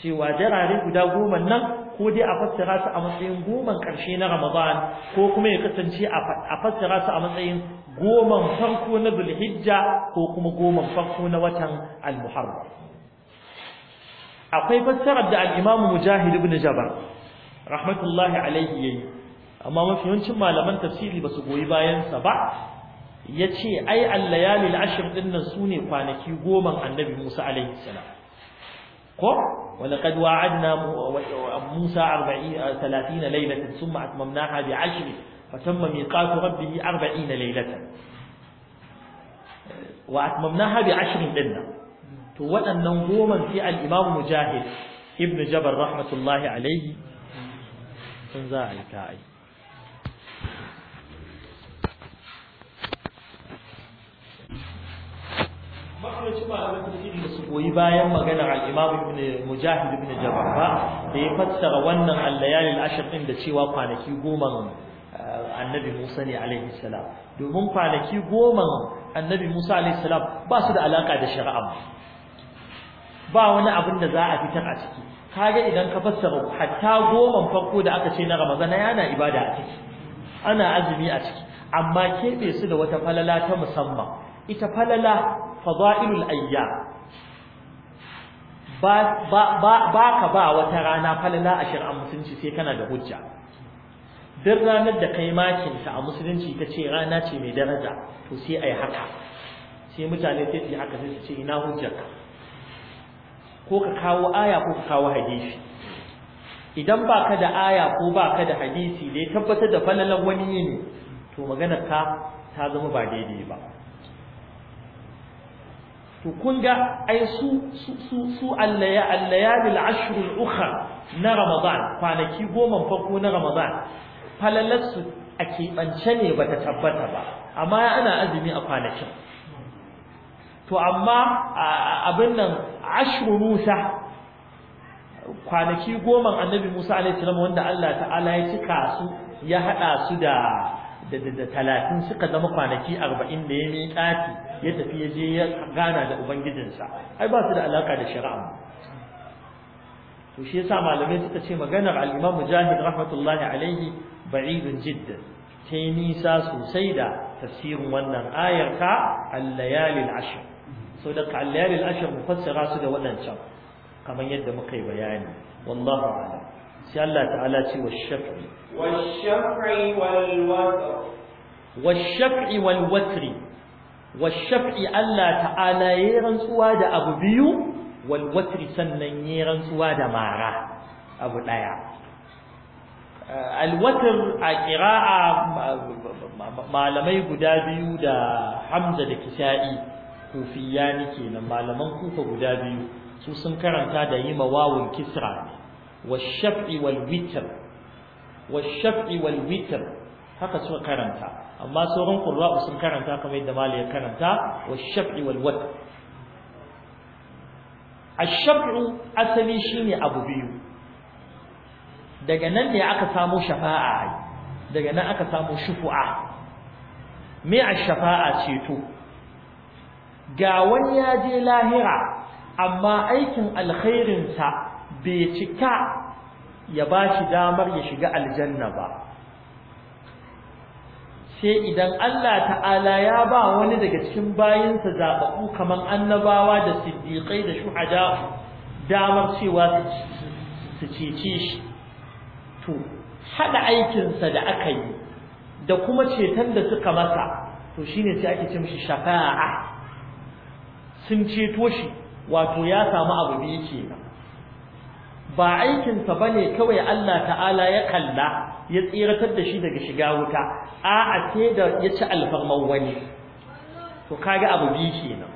cewa jarare guda goma nan ko dai a fassara su a matsayin goma ƙarshe na Ramadan ko kuma ya kasance a fassara su a matsayin goman farko na Zulhijja ko kuma goman farko na watan Al-Muharram akwai fassarar da al-Imam Mujahid ibn Jabr rahmatullahi alayhi yayi amma mafi yawancin malaman tafsiri ba su goyi bayansa ba ya ce ai allayali ashir din nan su ne kwanaki goman annabi musa alaihi salam ko ولقد وعدنا موسى 40 30 ليله ثم اتممناها بعشر فتم ميقات ربه 40 ليله واتممناها بعشر دنا to waɗannan goman sai al-Imam Mujahid ibn Jabal rahmatullahi alayhi sun za a makarci malamin tafsiri da su goyi bayan maganar al-Imam Ibn Mujahid Ibn ba da ya fassara wannan al-layalil ashr din da cewa kwanaki goma eh, annabi Musa ne alaihi salam domin kwanaki goma annabi Musa alaihi salam ba su da alaka da shari'a ba wani abin da za a fitar a ciki ga idan ka fassara hatta goman farko da aka ce na ramadana yana ibada a ciki ana azumi a ciki amma kebe su da wata falala ta musamman ita falala fada'ilul ayya ba ka ba wata rana falala a shir'an musulunci sai kana da hujja duk ranar da kai makin ta a musulunci ka ce rana ce mai daraja to sai ai haka sai mutane sai su haka sai su ce ina ka? ko ka kawo aya ko ka kawo hadisi idan baka da aya ko baka da hadisi da ya tabbatar da falalan wani ne to magana ka ta zama ba daidai ba to kun ga ai su su su al-layalil ukhra na ramadan kwanaki goma farko na ramadan su a keɓance ne bata tabbata ba amma ana azumi a kwanakin to amma abin nan ashru musa kwanaki goma annabi musa alaihi salam wanda Allah ta'ala ya cika su ya hada su da da talatin suka zama kwanaki arba'in da ya miƙati ya tafi ya je ya gana da ubangijinsa ai ba su da alaka da shari'a to shi yasa malamai suka ce maganar al-Imam Mujahid rahmatullahi alaihi ba'idun jiddan ta nisa sosai da tafsirin wannan ayar ta al-layali al-ashr so da al-layali al-ashr mufassara su da waɗancan kamar yadda muka yi bayani wallahu a'lam sai Allah ta'ala ce wash-shaf'i wash-shaf'i wal-watr shafi shafi Allah ta'ala yayin rantsuwa da abu biyu wal-watr sannan ya rantsuwa da mara abu daya eh, al-watr a qira'a malamai guda biyu da Hamza da Kisa'i kufiyani kenan malaman kufa guda biyu su sun karanta da yima wawun kisra والشفع والوتر والشفع والوتر haka suka karanta amma sauran qurra'u sun karanta kamar yadda mali ya karanta wash-shaf'i wal-watr ash-shaf'u asali shine abu biyu daga nan ne aka samu shafa'a daga nan aka samu shufu'a me ash-shafa'a ce to ga wani ya je lahira amma aikin alkhairinsa bai cika ya ba shi damar ya shiga aljanna ba sai idan Allah ta'ala ya ba wani daga cikin bayinsa zaɓaɓɓu kamar annabawa da siddiƙai da shuhada damar cewa su cece shi to haɗa aikinsa da aka yi da kuma ceton da suka masa to shine sai ake ce mishi shafa'a sun ceto shi wato ya samu abu yake kenan ba aikinsa ba ne kawai Allah ta'ala ya kalla ya tsiratar da shi daga shiga wuta a'a sai da ya ci alfarman wani to kaga abu biyu kenan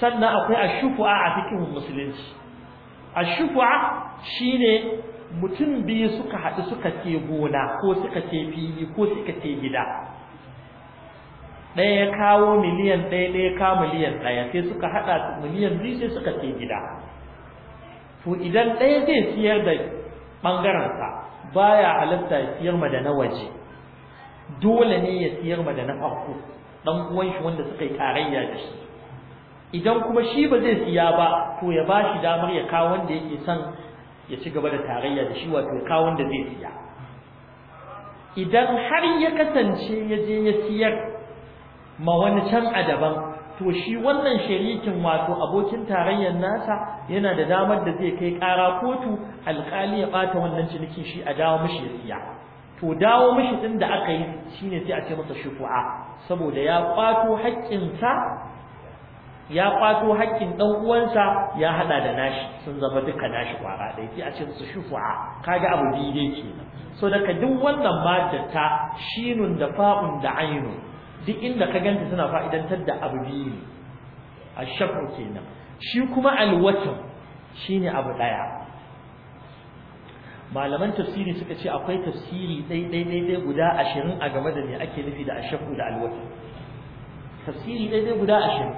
sannan akwai ashufu'a a cikin musulunci ashufu'a shine mutum biyu suka haɗu suka ce gona ko suka ce fili ko suka ce gida ɗaya ya kawo miliyan ɗaya ɗaya ka miliyan ɗaya sai suka haɗa miliyan biyu sai suka ce gida to idan ɗaya zai siyar da ɓangarensa ya halatta ya siyar ma da na waje dole ne ya siyar ma da na farko ɗan uwan shi wanda suka yi tarayya da shi idan kuma shi ba zai siya ba to ya ba shi damar ya kawo wanda yake son ya ci gaba da tarayya da shi wato ya kawo wanda zai siya idan har ya kasance ya je ya siyar ma wani can a daban to shi wannan sharikin wato abokin tarayyar nasa yana da damar da zai kai ƙara kotu alƙali ya bata wannan ciniki shi a dawo mishi siya to dawo mishi ɗin da aka yi shine sai a ce masa shufu'a saboda ya ƙwato sa ya kwato haƙƙin ɗan uwansa ya haɗa da nashi sun zama duka nashi kwara dai sai a ce masa shufu'a kaga abu biyu dai kenan so daga duk wannan ma shinun da fa'un da ainun duk inda ka ganta suna fa'idantar da abu biyu ne a shafu kenan shi kuma alwatan shine abu ɗaya malaman tafsiri suka ce akwai tafsiri dai guda ashirin a game da me ake nufi da ashafu da alwatan tafsiri ɗai guda ashirin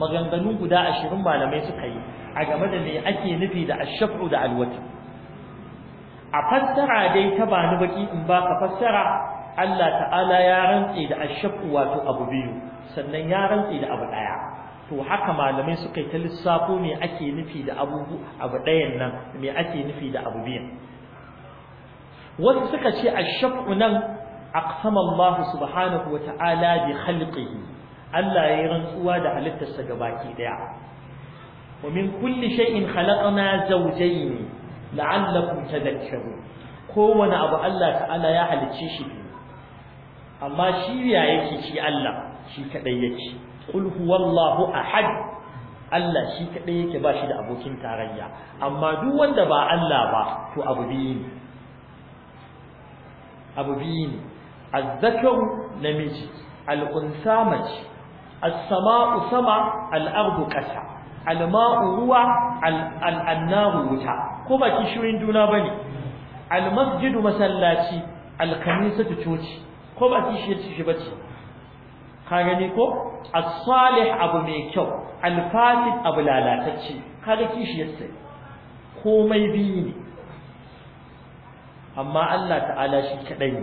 maganganu guda ashirin malamai suka yi a game da me ake nufi da ashafu da alwatan a fassara dai ta bani baki in ba ka fassara Allah ta'ala ya rantse da ashaku wato abu biyu sannan ya rantse da abu daya to haka malamai suka yi ta lissafo me ake nufi da abu abu dayan nan me ake nufi da abu biyan wasu suka ce ashaku nan aqsama Allah subhanahu wa ta'ala bi khalqihi Allah ya yi rantsuwa da halittarsa gabaki daya wa min kulli shay'in khalaqna zawjayn la'allakum tadhakkarun kowane abu Allah ta'ala ya halicce shi amma shi ya yake shi Allah shi kadai yake qul huwallahu ahad Allah shi kadai yake ba shi da abokin tarayya amma duk wanda ba Allah ba to abu biyu ne abu biyu ne azzakaru namiji al mace as-sama'u sama al-ardu qasa al-ma'u ruwa al-annaru wuta ko ba kishirin juna bane al-masjidu masallaci al-kamisatu coci ko ba kishiyar shi ba ce ka gani ko as-salih abu mai kyau al-fasid abu lalatacce kaga kishiyar sai komai biyu ne amma Allah ta'ala shi kadai ne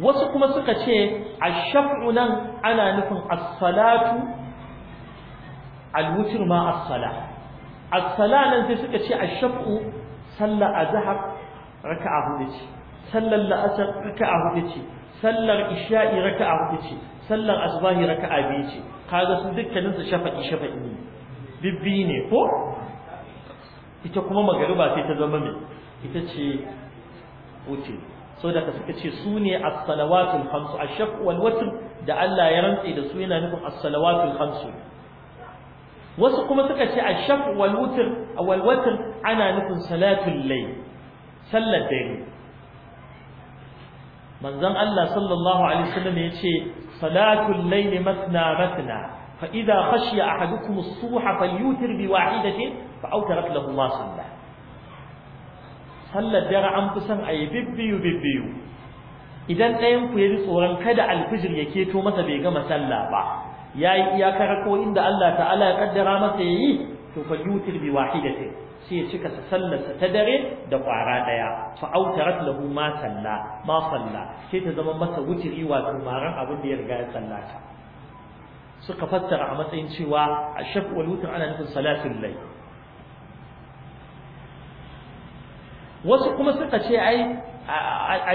wasu kuma suka ce ash-shaf'u nan ana nufin as-salatu al-wutr ma as-salah as-salah nan sai suka ce ash-shaf'u sallah azhar raka'a hudu ce sallar la'asar a hudu ce sallar isha'i raka a hudu ce sallar asbahi a biyu ce kaga su dukkanin su shafa'i shafa'i ne bibbi ne ko ita kuma magariba sai ta zama mai ita ce wuce so da suka ce su ne as-salawatul khamsu ash-shaf wal watr da Allah ya rantse da su yana nufin as-salawatul khamsu wasu kuma suka ce ash-shaf wal watr wal watr ana nufin salatul layl sallar dare manzon Allah sallallahu alaihi wasallam yace salatul layl matna matna fa idza khashiya ahadukum as-subha falyutir bi wahidatin fa awtarat lahu ma salla sallar dare an fi son ayi bibbiyu bibbiyu idan ɗayan ku yaji tsoron kada alfijir ya keto masa bai gama sallah ba yayi iyakar ko inda Allah ta'ala ya kaddara masa yayi to fa yutir bi wahidati sai cika sallarsa ta dare da kwara daya fa autarat lahu ma salla ma salla sai ta zama masa wutiri wato maran abin da ya riga ya sallata suka fassara a matsayin cewa ashaq wal wutr ana nufin salatul layl wasu kuma suka ce ai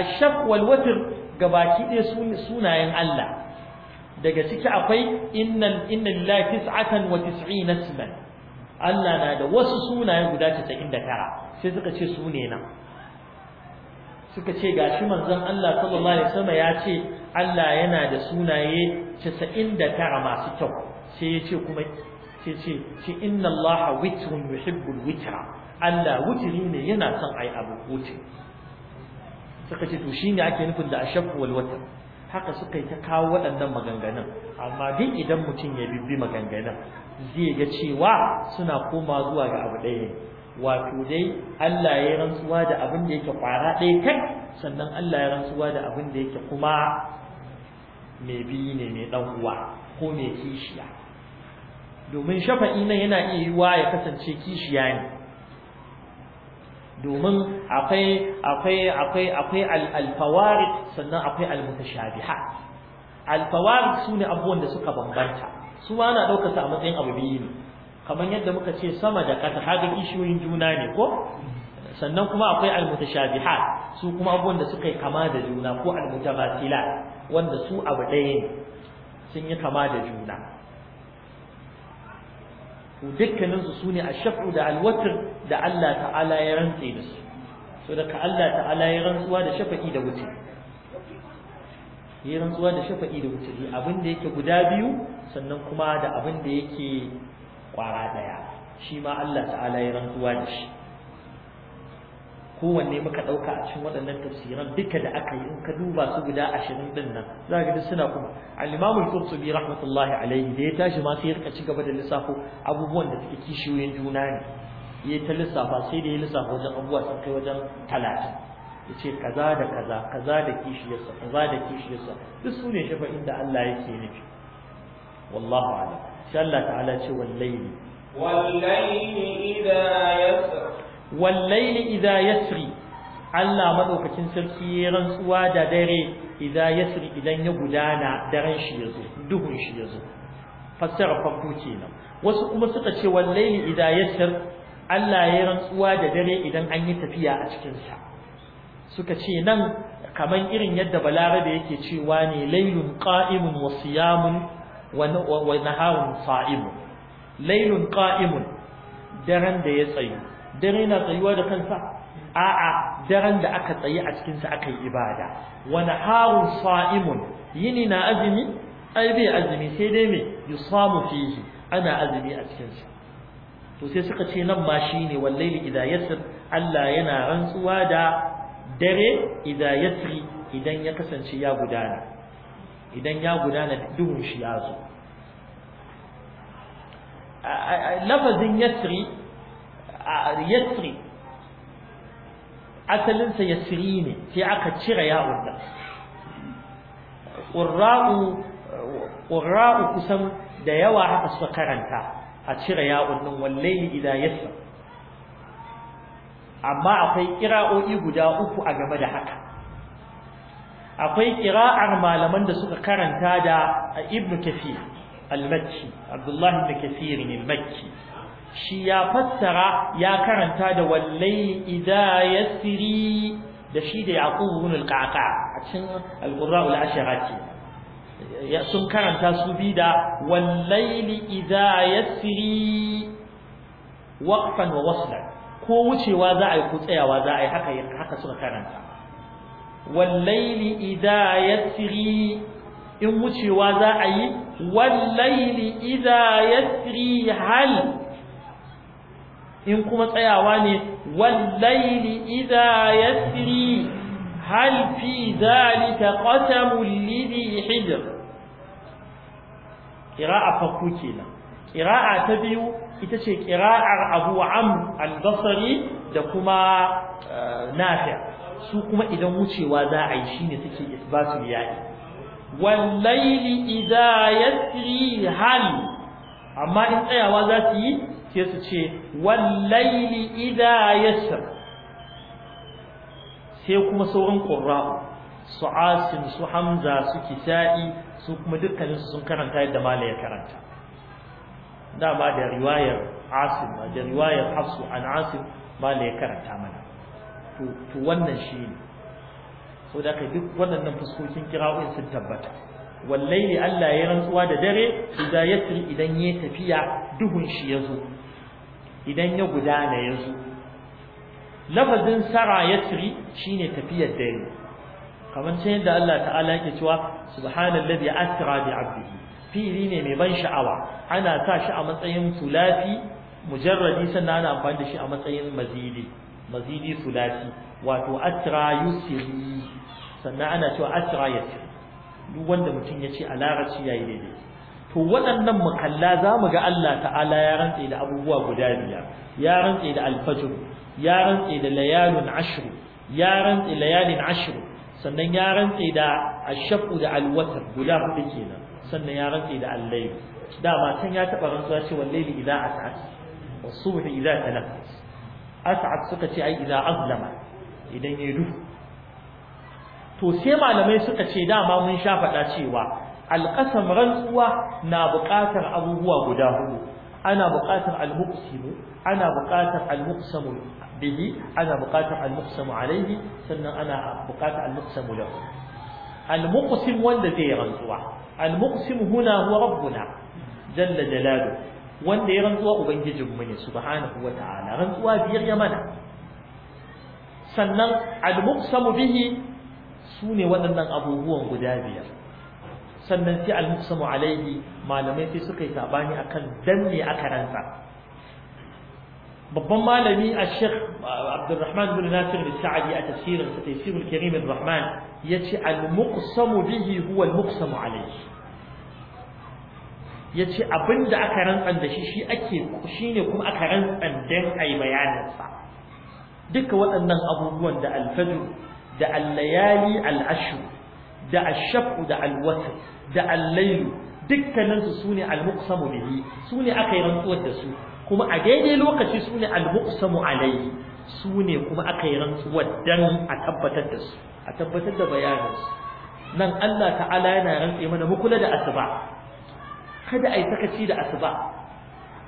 ashaq wal wutr gabaki ɗaya sunayen Allah daga ciki akwai inna inna lillahi tis'atan wa tis'ina isman Allah na da wasu sunaye guda 99 sai suka ce su ne nan suka ce gashi manzon Allah sallallahu alaihi wasallam ya ce Allah yana da sunaye 99 masu kyau sai ya ce kuma sai ce shi inna Allah witrun yuhibbul witra Allah witri ne yana son ai abu wutri suka ce to shine ake nufin da ashaq wal watr haka suka yi ta kawo waɗannan maganganun amma duk idan mutum ya bibbi maganganun zai ga cewa suna koma zuwa ga abu ɗaya wato dai Allah ya rantsuwa da abin da yake kwara ɗaya kai sannan Allah ya rantsuwa da abin da yake kuma mai biyu ne mai ɗan uwa ko mai kishiya domin shafa'i nan yana iya yiwa ya kasance kishiya ne domin akwai akwai akwai akwai al fawarid sannan akwai al mutashabiha al fawarid sune abubuwan da suka bambanta su ba na ɗaukar a matsayin abu biyu ne kamar yadda muka ce sama da ƙasa haɗin ishiyoyin juna ne ko sannan kuma akwai almutashabihat su kuma abubuwan da suka yi kama da juna ko almutamathilat wanda su abu ɗaya ne sun yi kama da juna to dukkanin su sune shafu da alwatar da Allah ta'ala ya rantse da su so da ka Allah ta'ala ya rantsuwa da shafa'i da wuce ya rantsuwa da shafa'i da wuce abin da yake guda biyu sannan kuma da abin da yake kwara daya shi ma Allah ta'ala ya rantsuwa da shi kowanne muka dauka a cikin waɗannan tafsiran duka da aka yi in ka duba su guda 20 din nan za ka suna kuma al-Imam al-Qurtubi rahmatullahi alayhi da ya tashi ma sai ya rika cigaba da lissafo abubuwan da suke kishiyoyin juna ne ya ta lissafa sai da ya lissafa wajen abubuwa sun kai wajen 30 ce kaza da kaza kaza da kishiyarsa kaza da kishiyarsa duk sune shafa inda Allah yake nufi wallahu a'lam sai Allah ta'ala ce wallaili wallaili idza yasri wallaili idza yasri Allah madaukakin sarki ya rantsuwa da dare idan ya gudana daren shi yazo duhun shi yazo fassara farko kenan wasu kuma suka ce wallaili idza yasri Allah ya rantsuwa da dare idan an yi tafiya a cikinsa. suka ce nan kamar irin yadda balarabe yake cewa ne laylun qa'imun wa siyamun wa naharun sa'imun lailun qa'imun daren da ya tsayu dare na tsayuwa da kansa a'a daren da aka tsayi a cikin sa aka yi ibada wa naharun sa'imun yini na azumi ai bai azumi sai dai me yusamu fihi ana azumi a cikin sa to sai suka ce nan ma shine wallahi idza yasr Allah yana rantsuwa da dare idza yasri idan ya kasance ya gudana idan ya gudana duhun shi ya zo lafazin yasri yasri asalinsa yasri ne sai aka cire ya'un nan ƙurra'u kusan da yawa haka suka karanta a cire ya'un nan wallahi idan yasri amma akwai ƙira'o'i guda uku a game da haka akwai ƙira'ar malaman da suka karanta da ibn kafir al-makki abdullahi ibn kafir al-makki shi ya fassara ya karanta da wallai idha yasri da shi da yaqub ibn al-qaqa a cikin al-qurra al-asharati sun karanta su bi da wallaili idha yasri waqfan wa waslan ko wucewa za a yi ko tsayawa za a yi haka haka suka karanta wallaili idza yasri in wucewa za a yi wallaili idza yasri hal in kuma tsayawa ne wallaili idza yasri hal fi zalika qasamul lidhi hijr qira'a fakku kenan qira'a ta biyu ita ce qira'ar Abu Amr al-Basri da kuma Nafi' su kuma idan wucewa za a yi shine suke isbatul ya'i wal layli idha yasri hal amma in tsayawa za su yi sai su ce wal layli idha yasr sai kuma sauran qurra su asim su hamza su kisa'i su kuma dukkanin sun karanta yadda malai ya karanta dama da riwayar asim da riwayar hafsu an asim malai ya karanta mana to wannan shi ne so da ka duk waɗannan fuskokin kira'o'in sun tabbata ne Allah ya rantsuwa da dare idan yasri idan ya tafiya duhun shi ya zo idan ya gudana ya zo lafazin sara shi shine tafiyar dare kamar ta yadda Allah ta'ala yake cewa subhanallazi asra bi 'abdihi fili ne mai ban sha'awa ana sa shi a matsayin tulafi mujarradi sannan ana amfani da shi a matsayin mazidi mazidi sulasi wato asra yusri sannan ana cewa asra yasri duk wanda mutum ya ce a larabci yayi daidai to waɗannan mukalla za mu ga Allah ta'ala ya rantse da abubuwa guda biyar ya rantse da alfajr ya rantse da layalun ashru ya rantse layalin ashru sannan ya rantse da ashaqu da alwatar guda hudu kenan sannan ya rantse da allayl dama can ya taba rantsuwa cewa layli idza atas wa subhi idza talaffas as'ad suka ce ai idza azlama idan ya duhu to sai malamai suka ce dama mun sha faɗa cewa alƙasam rantsuwa na buƙatar abubuwa guda hudu ana buƙatar almuqsimu ana buƙatar almuqsamu bihi ana buƙatar almuqsamu alaihi sannan ana buƙatar almuqsamu lahu almuqsim wanda zai rantsuwa almuqsim huna huwa rabbuna jalla jalaluhu wanda ya rantsuwa ubangijinmu ne subhanahu wataala rantsuwa biyar ya mana sannan al-muqsamu bihi sune waɗannan abubuwan guda biyar sannan sai al-muqsamu alaihi malamai sai suka yi sabani akan dan ne aka rantsa babban malami a sheikh abdurrahman bin nasir al-sa'di a tafsirin sa tafsirul karim ar-rahman yace al-muqsamu bihi huwa al-muqsamu alaihi ya ce aka rantsan da shi shi ake ne kuma aka rantsan dan a yi sa. duka waɗannan abubuwan da alfajir da allayali al'ashu da ashafu da alwasa da allailu dukkaninsu su ne almuqsamu bihi su ne aka rantsuwar da su kuma a daidai lokaci su ne almuqsamu alayhi su ne kuma aka rantsuwar dan a tabbatar da su a tabbatar da bayaninsu nan Allah ta'ala yana rantse mana mu kula da asuba kada a sakaci da asuba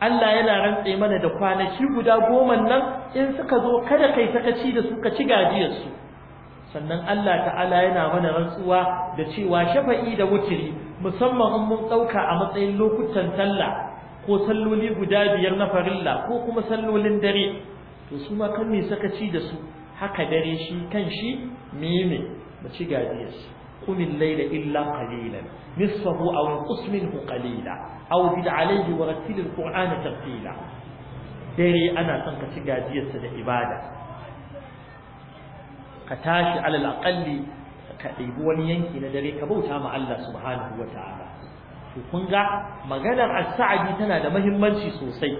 Allah yana rantse mana da kwanaki guda goma nan in suka zo kada kai sakaci da su ka ci su. sannan Allah ta'ala yana mana rantsuwa da cewa shafa'i da wutiri musamman in mun ɗauka a matsayin lokutan sallah ko salloli guda biyar na farilla ko kuma sallolin dare to su ma kan me sakaci da su haka dare shi kan shi meme mu ci gajiyar su. قم الليل إلا قليلا نصفه أو انقص منه قليلا أو زد عليه ورتل القرآن ترتيلا dare ana son ka ci gajiyarsa da ibada ka tashi alal aqalli ka ɗebi wani yanki na dare ka bauta ma Allah subhanahu wa ta'ala to ga maganar as-sa'di tana da muhimmanci sosai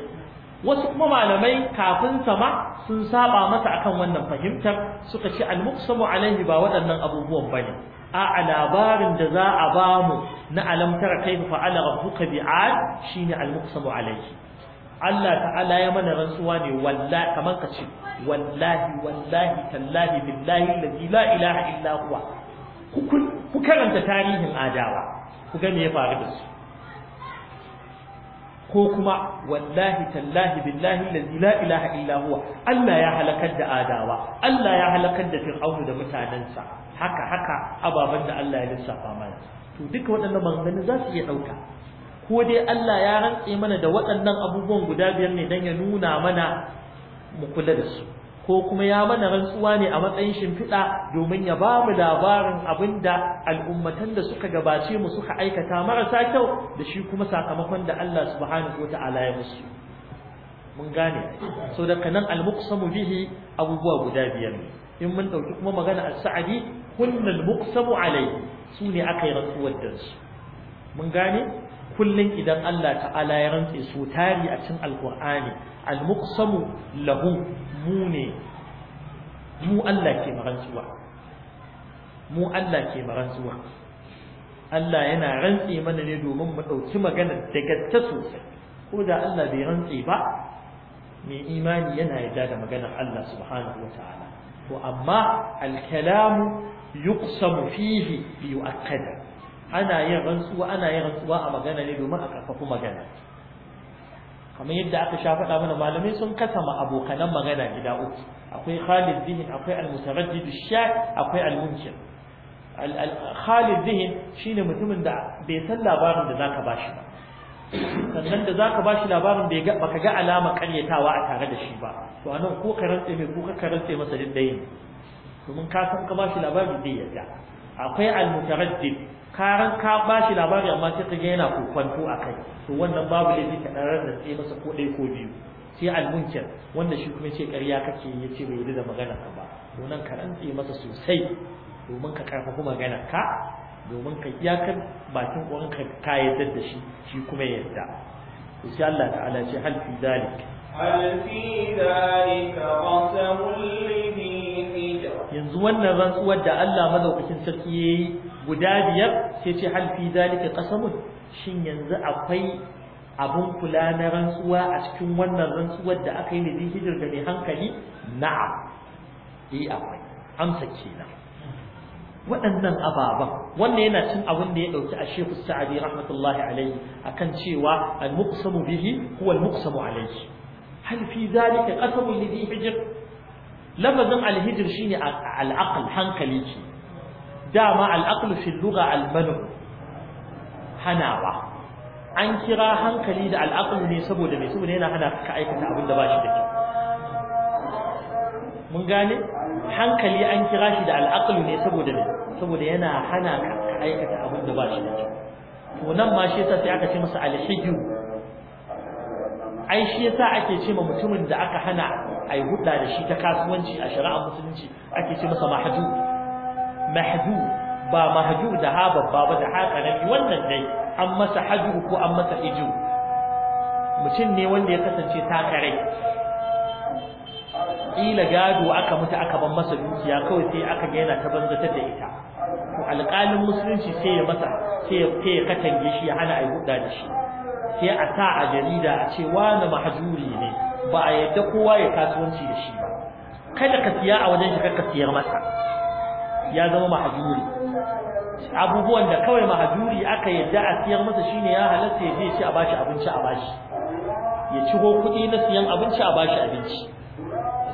wasu kuma malamai kafin sama sun saɓa masa akan wannan fahimtar suka ce al-muqsamu ba waɗannan abubuwan bane a labarin da za a ba mu na alamtara kai fa'ala rabbuka bi'ad shine al-muqsamu alayhi Allah ta'ala ya mana rantsuwa ne wallahi kamar ka ce wallahi wallahi tallahi billahi allazi la ilaha illa huwa ku karanta tarihin adawa ku ga me ya faru da su ko kuma wallahi tallahi billahi allazi la ilaha illa huwa Allah ya halakar da adawa Allah ya halakar da fir'aunu da mutanensa. haka haka ababan da Allah ya lissafa mana to duka waɗannan maganganu za su iya ɗauka ko dai Allah ya rantse mana da waɗannan abubuwan guda biyar ne dan ya nuna mana mu kula da su ko kuma ya mana rantsuwa ne a matsayin shimfiɗa domin ya ba mu labarin abinda al'ummatan da suka gabace mu suka aikata marasa kyau da shi kuma sakamakon da Allah subhanahu wa ta'ala ya musu mun gane so da kanan al-muqsamu bihi abubuwa guda biyar in mun ɗauki kuma magana al sadi kunna al-muqsamu alayhi sune akai rantsuwar da su mun gane kullun idan Allah ta'ala ya rantse su tari a cikin al-Qur'ani Almuqsamu lahu mu ne mu Allah ke marantsuwa mu Allah ke Allah yana rantse mana ne domin mu dauki magana daga ta sosai ko da Allah bai rantse ba mai imani yana yarda da maganar Allah subhanahu wataala to amma alkalamu kalamu yuqsamu fihi liyu'akkada ana yin rantsuwa ana yin rantsuwa a magana ne domin a karfafa magana kamar yadda aka sha faɗa mana malamai sun kasama abokanan magana gida uku akwai Khalid Dihin akwai al-mutaraddid ash-shak akwai al-munkir Khalid Dihin shine mutumin da bai san labarin da zaka bashi ba sannan da zaka bashi labarin bai ga baka ga alama karyatawa a tare da shi ba to anan ko karantse mai ko karantse masa dindai domin ka san ka bashi labarin da yadda akwai al-mutaraddid karan ka ba shi labari amma sai ka ga yana kokwanto a kai to wannan babu laifi ka ɗan sai masa ko ɗaya ko biyu sai almunkir wanda shi kuma ce ƙarya kake ya ce bai da magana ka ba to nan ka rantse masa sosai domin ka karfafa magana ka domin ka iyakar bakin ƙwarin ka ka yadda da shi shi kuma yadda to sai Allah ta'ala ce hal fi zalik hal fi zalika qasamul yanzu wannan rantsuwar da Allah madaukakin sarki yayi guda biyar sai ce hal fi zalika qasamun shin yanzu akwai abun kula na rantsuwa a cikin wannan rantsuwar da aka yi da zihijir da mai hankali na'am eh akwai amsa kenan waɗannan ababen wannan yana cin abin da ya ɗauki a Sheikh Sa'adi rahmatullahi alaihi akan cewa al-muqsamu bihi huwa al-muqsamu alaihi hal fi zalika qasamun li dhihijr lafazin al-hijr shine al-aql hankali ke dama al'aqlu fil lugha al-manu hanawa an kira hankali da al'aqlu ne saboda me saboda yana hana ka aikata abin da ba shi da kyau mun gane hankali an kira shi da al'aqlu ne saboda me saboda yana hana ka aikata abin da ba shi da kyau to nan ma shi yasa sai aka ce masa al-hijju ai shi yasa ake ce ma mutumin da aka hana ai hudda da shi ta kasuwanci a shari'ar musulunci ake ce masa mahjub mahdu ba mahdu da ha babba ba da ha karami wannan dai an masa haju ko an masa iju mutum ne wanda ya kasance takarai kila gado aka mutu aka ban masa dukiya kawai sai aka ga yana ta banzatar da ita to alƙalin musulunci sai ya masa sai ya sai ya katange shi ya hana ai hudda da shi sai a sa a jarida a ce wani mahjuri ne ba a yadda kowa ya kasuwanci da shi ba kada ka siya a wajen shi ka siyar masa ya zama mahajuri abubuwan da kawai mahajuri aka yadda a siyar masa shine ya halatta ya je shi a bashi abinci a bashi ya ciro kuɗi na siyan abinci a bashi abinci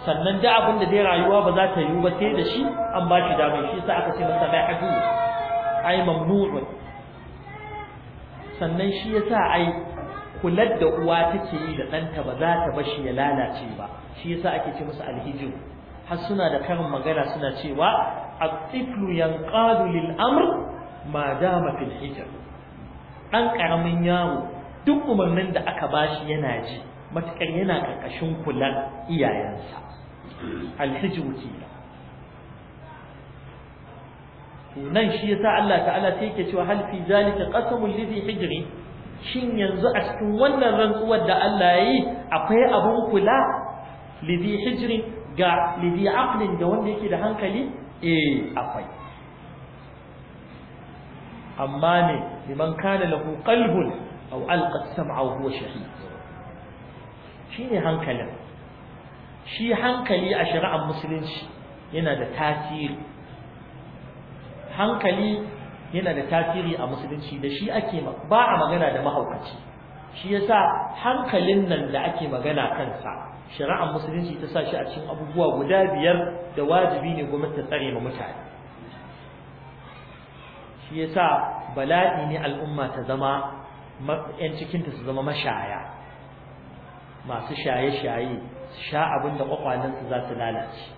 sannan da abin da dai rayuwa ba za ta yiwu ba sai da shi an ba shi damar shi sa aka ce masa hadu ai mamnu'un sannan shi yasa ai kular da uwa take yi da ɗanta ba za ta bashi ya lalace ba shi yasa ake ce masa alhijir har suna da karin magana suna cewa الطفل ينقاد للأمر ما دام في الحجر ɗan ƙaramin yaro duk umarnin da aka bashi yana ji matuƙar yana ƙarƙashin kulan iyayensa alhijiru kenan nan shi yasa Allah ta'ala sai yake cewa hal fi zalika qasamul lidhi hijri shin yanzu a cikin wannan rantsuwar da Allah yayi akwai abun kula lidhi hijri ga lidhi aqlin da wanda yake da hankali eh akwai amma ne liman kana lahu qalbun aw alqa sam'a wa huwa shahid shine hankalin shi hankali a shari'ar musulunci yana da tasiri hankali yana da tasiri a musulunci da shi ake ba a magana da mahaukaci shi yasa hankalin nan da ake magana kansa shari'ar musulunci ta sa shi a cikin abubuwa guda biyar da wajibi ne gwamnati tsare ma mutane shi yasa bala'i ne al'umma ta zama yan cikinta su zama mashaya masu shaye-shaye su sha abin da kwakwalensu za su lalace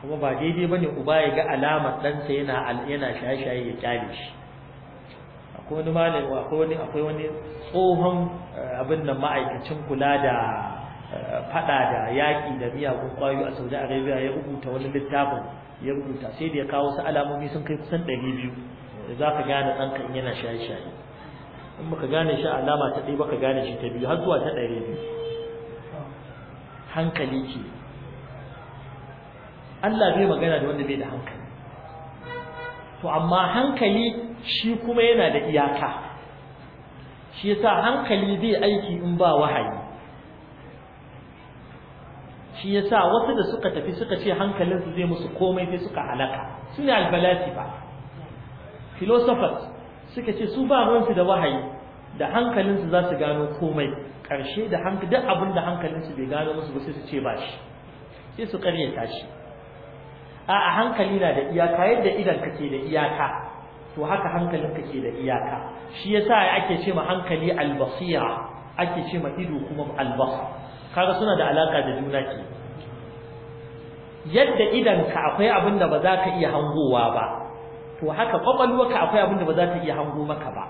kuma ba daidai bane uba ya ga alamar ɗansa yana yana shaye-shaye ya kyale shi akwai wani akwai wani akwai wani tsohon eh, abin nan ma'aikacin kula da fada da yaki da miyagun kwayo a saudi arabia ya rubuta wani littafin ya rubuta sai da ya kawo su alamomi sun kai kusan ɗari biyu da za ka gane ɗanka in yana shaye-shaye in baka gane shi alama ta ɗaya baka gane shi ta biyu har zuwa ta ɗari biyu hankali ke Allah bai magana da wanda bai da hankali to amma hankali shi kuma yana da iyaka shi yasa hankali zai aiki in ba wahayi shi yasa wasu da suka tafi suka ce hankalinsu zai musu komai sai suka halaka su ne ba. philosophers suka ce su ba ruwansu da wahayi da hankalinsu za su gano komai ƙarshe da duk abin da hankalinsu bai gano musu ba sai su ce ba shi sai su ƙaryata shi a a hankali na da iyaka yadda idan kake da iyaka to haka hankalin kake da iyaka shi yasa ake ce ma hankali albasira ake ce ma ido kuma albasa kaga suna da alaka da juna ke yadda ka akwai abin da ba za ka iya hangowa ba to haka ka akwai abin da ba za ta iya hango maka ba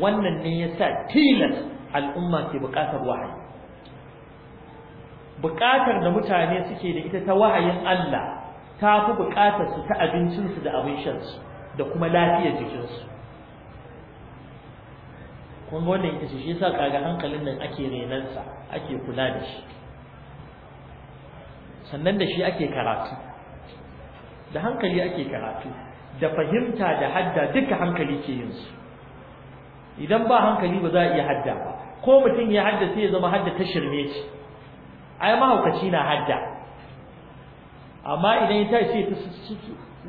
wannan ne ya sa tilas al'umma ke buƙatar wahayi buƙatar da mutane suke da ita ta wahayin Allah ta fi buƙatar su ta abincinsu da abin shansu da kuma lafiyar jikinsu kun ga wannan ita ce shi yasa kaga hankalin nan ake renansa ake kula da shi sannan da shi ake karatu da hankali ake karatu da fahimta da hadda duka hankali ke yin su idan ba hankali ba za a iya hadda ba ko mutum ya hadda sai ya zama hadda ta shirme ce ai mahaukaci na hadda amma idan ya tashi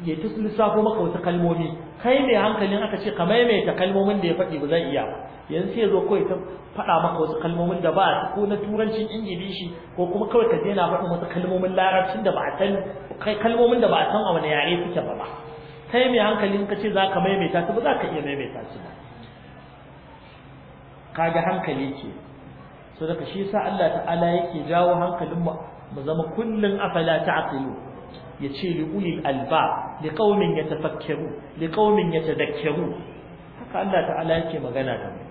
ya ta lissafo maka wata kalmomi kai mai hankalin aka ce ka maimaita kalmomin da ya faɗi ba zan iya ba, yanzu sai zo kawai ta faɗa maka wasu kalmomin da ba ko na turancin ingilishi ko kuma kawai ka daina faɗin wasu kalmomin larabcin da ba a san kai kalmomin da ba a san a wani yare suke ba ba kai mai hankalin ka ce za ka maimaita ta ba za ka iya maimaita su ba kaga hankali ke so daga shi sa Allah ta'ala yake jawo hankalin mu mu zama kullun afala ta'qilu yace li ulil alba li qaumin yatafakkaru li qaumin yatadakkaru haka Allah ta'ala yake magana da mu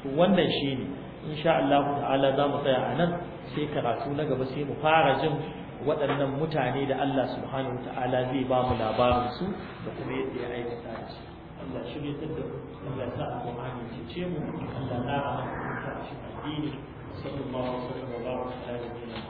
to wannan shine insha Allah ta'ala za mu tsaya a nan sai karatu na gaba sai mu fara jin waɗannan mutane da Allah subhanahu ta'ala zai ba mu labarin su da kuma yadda ya aikata shi Allah shirye ta da Allah sa alƙur'ani ya ce mu Allah na rahama ta shi addini sallallahu alaihi wa sallam wa baraka alaihi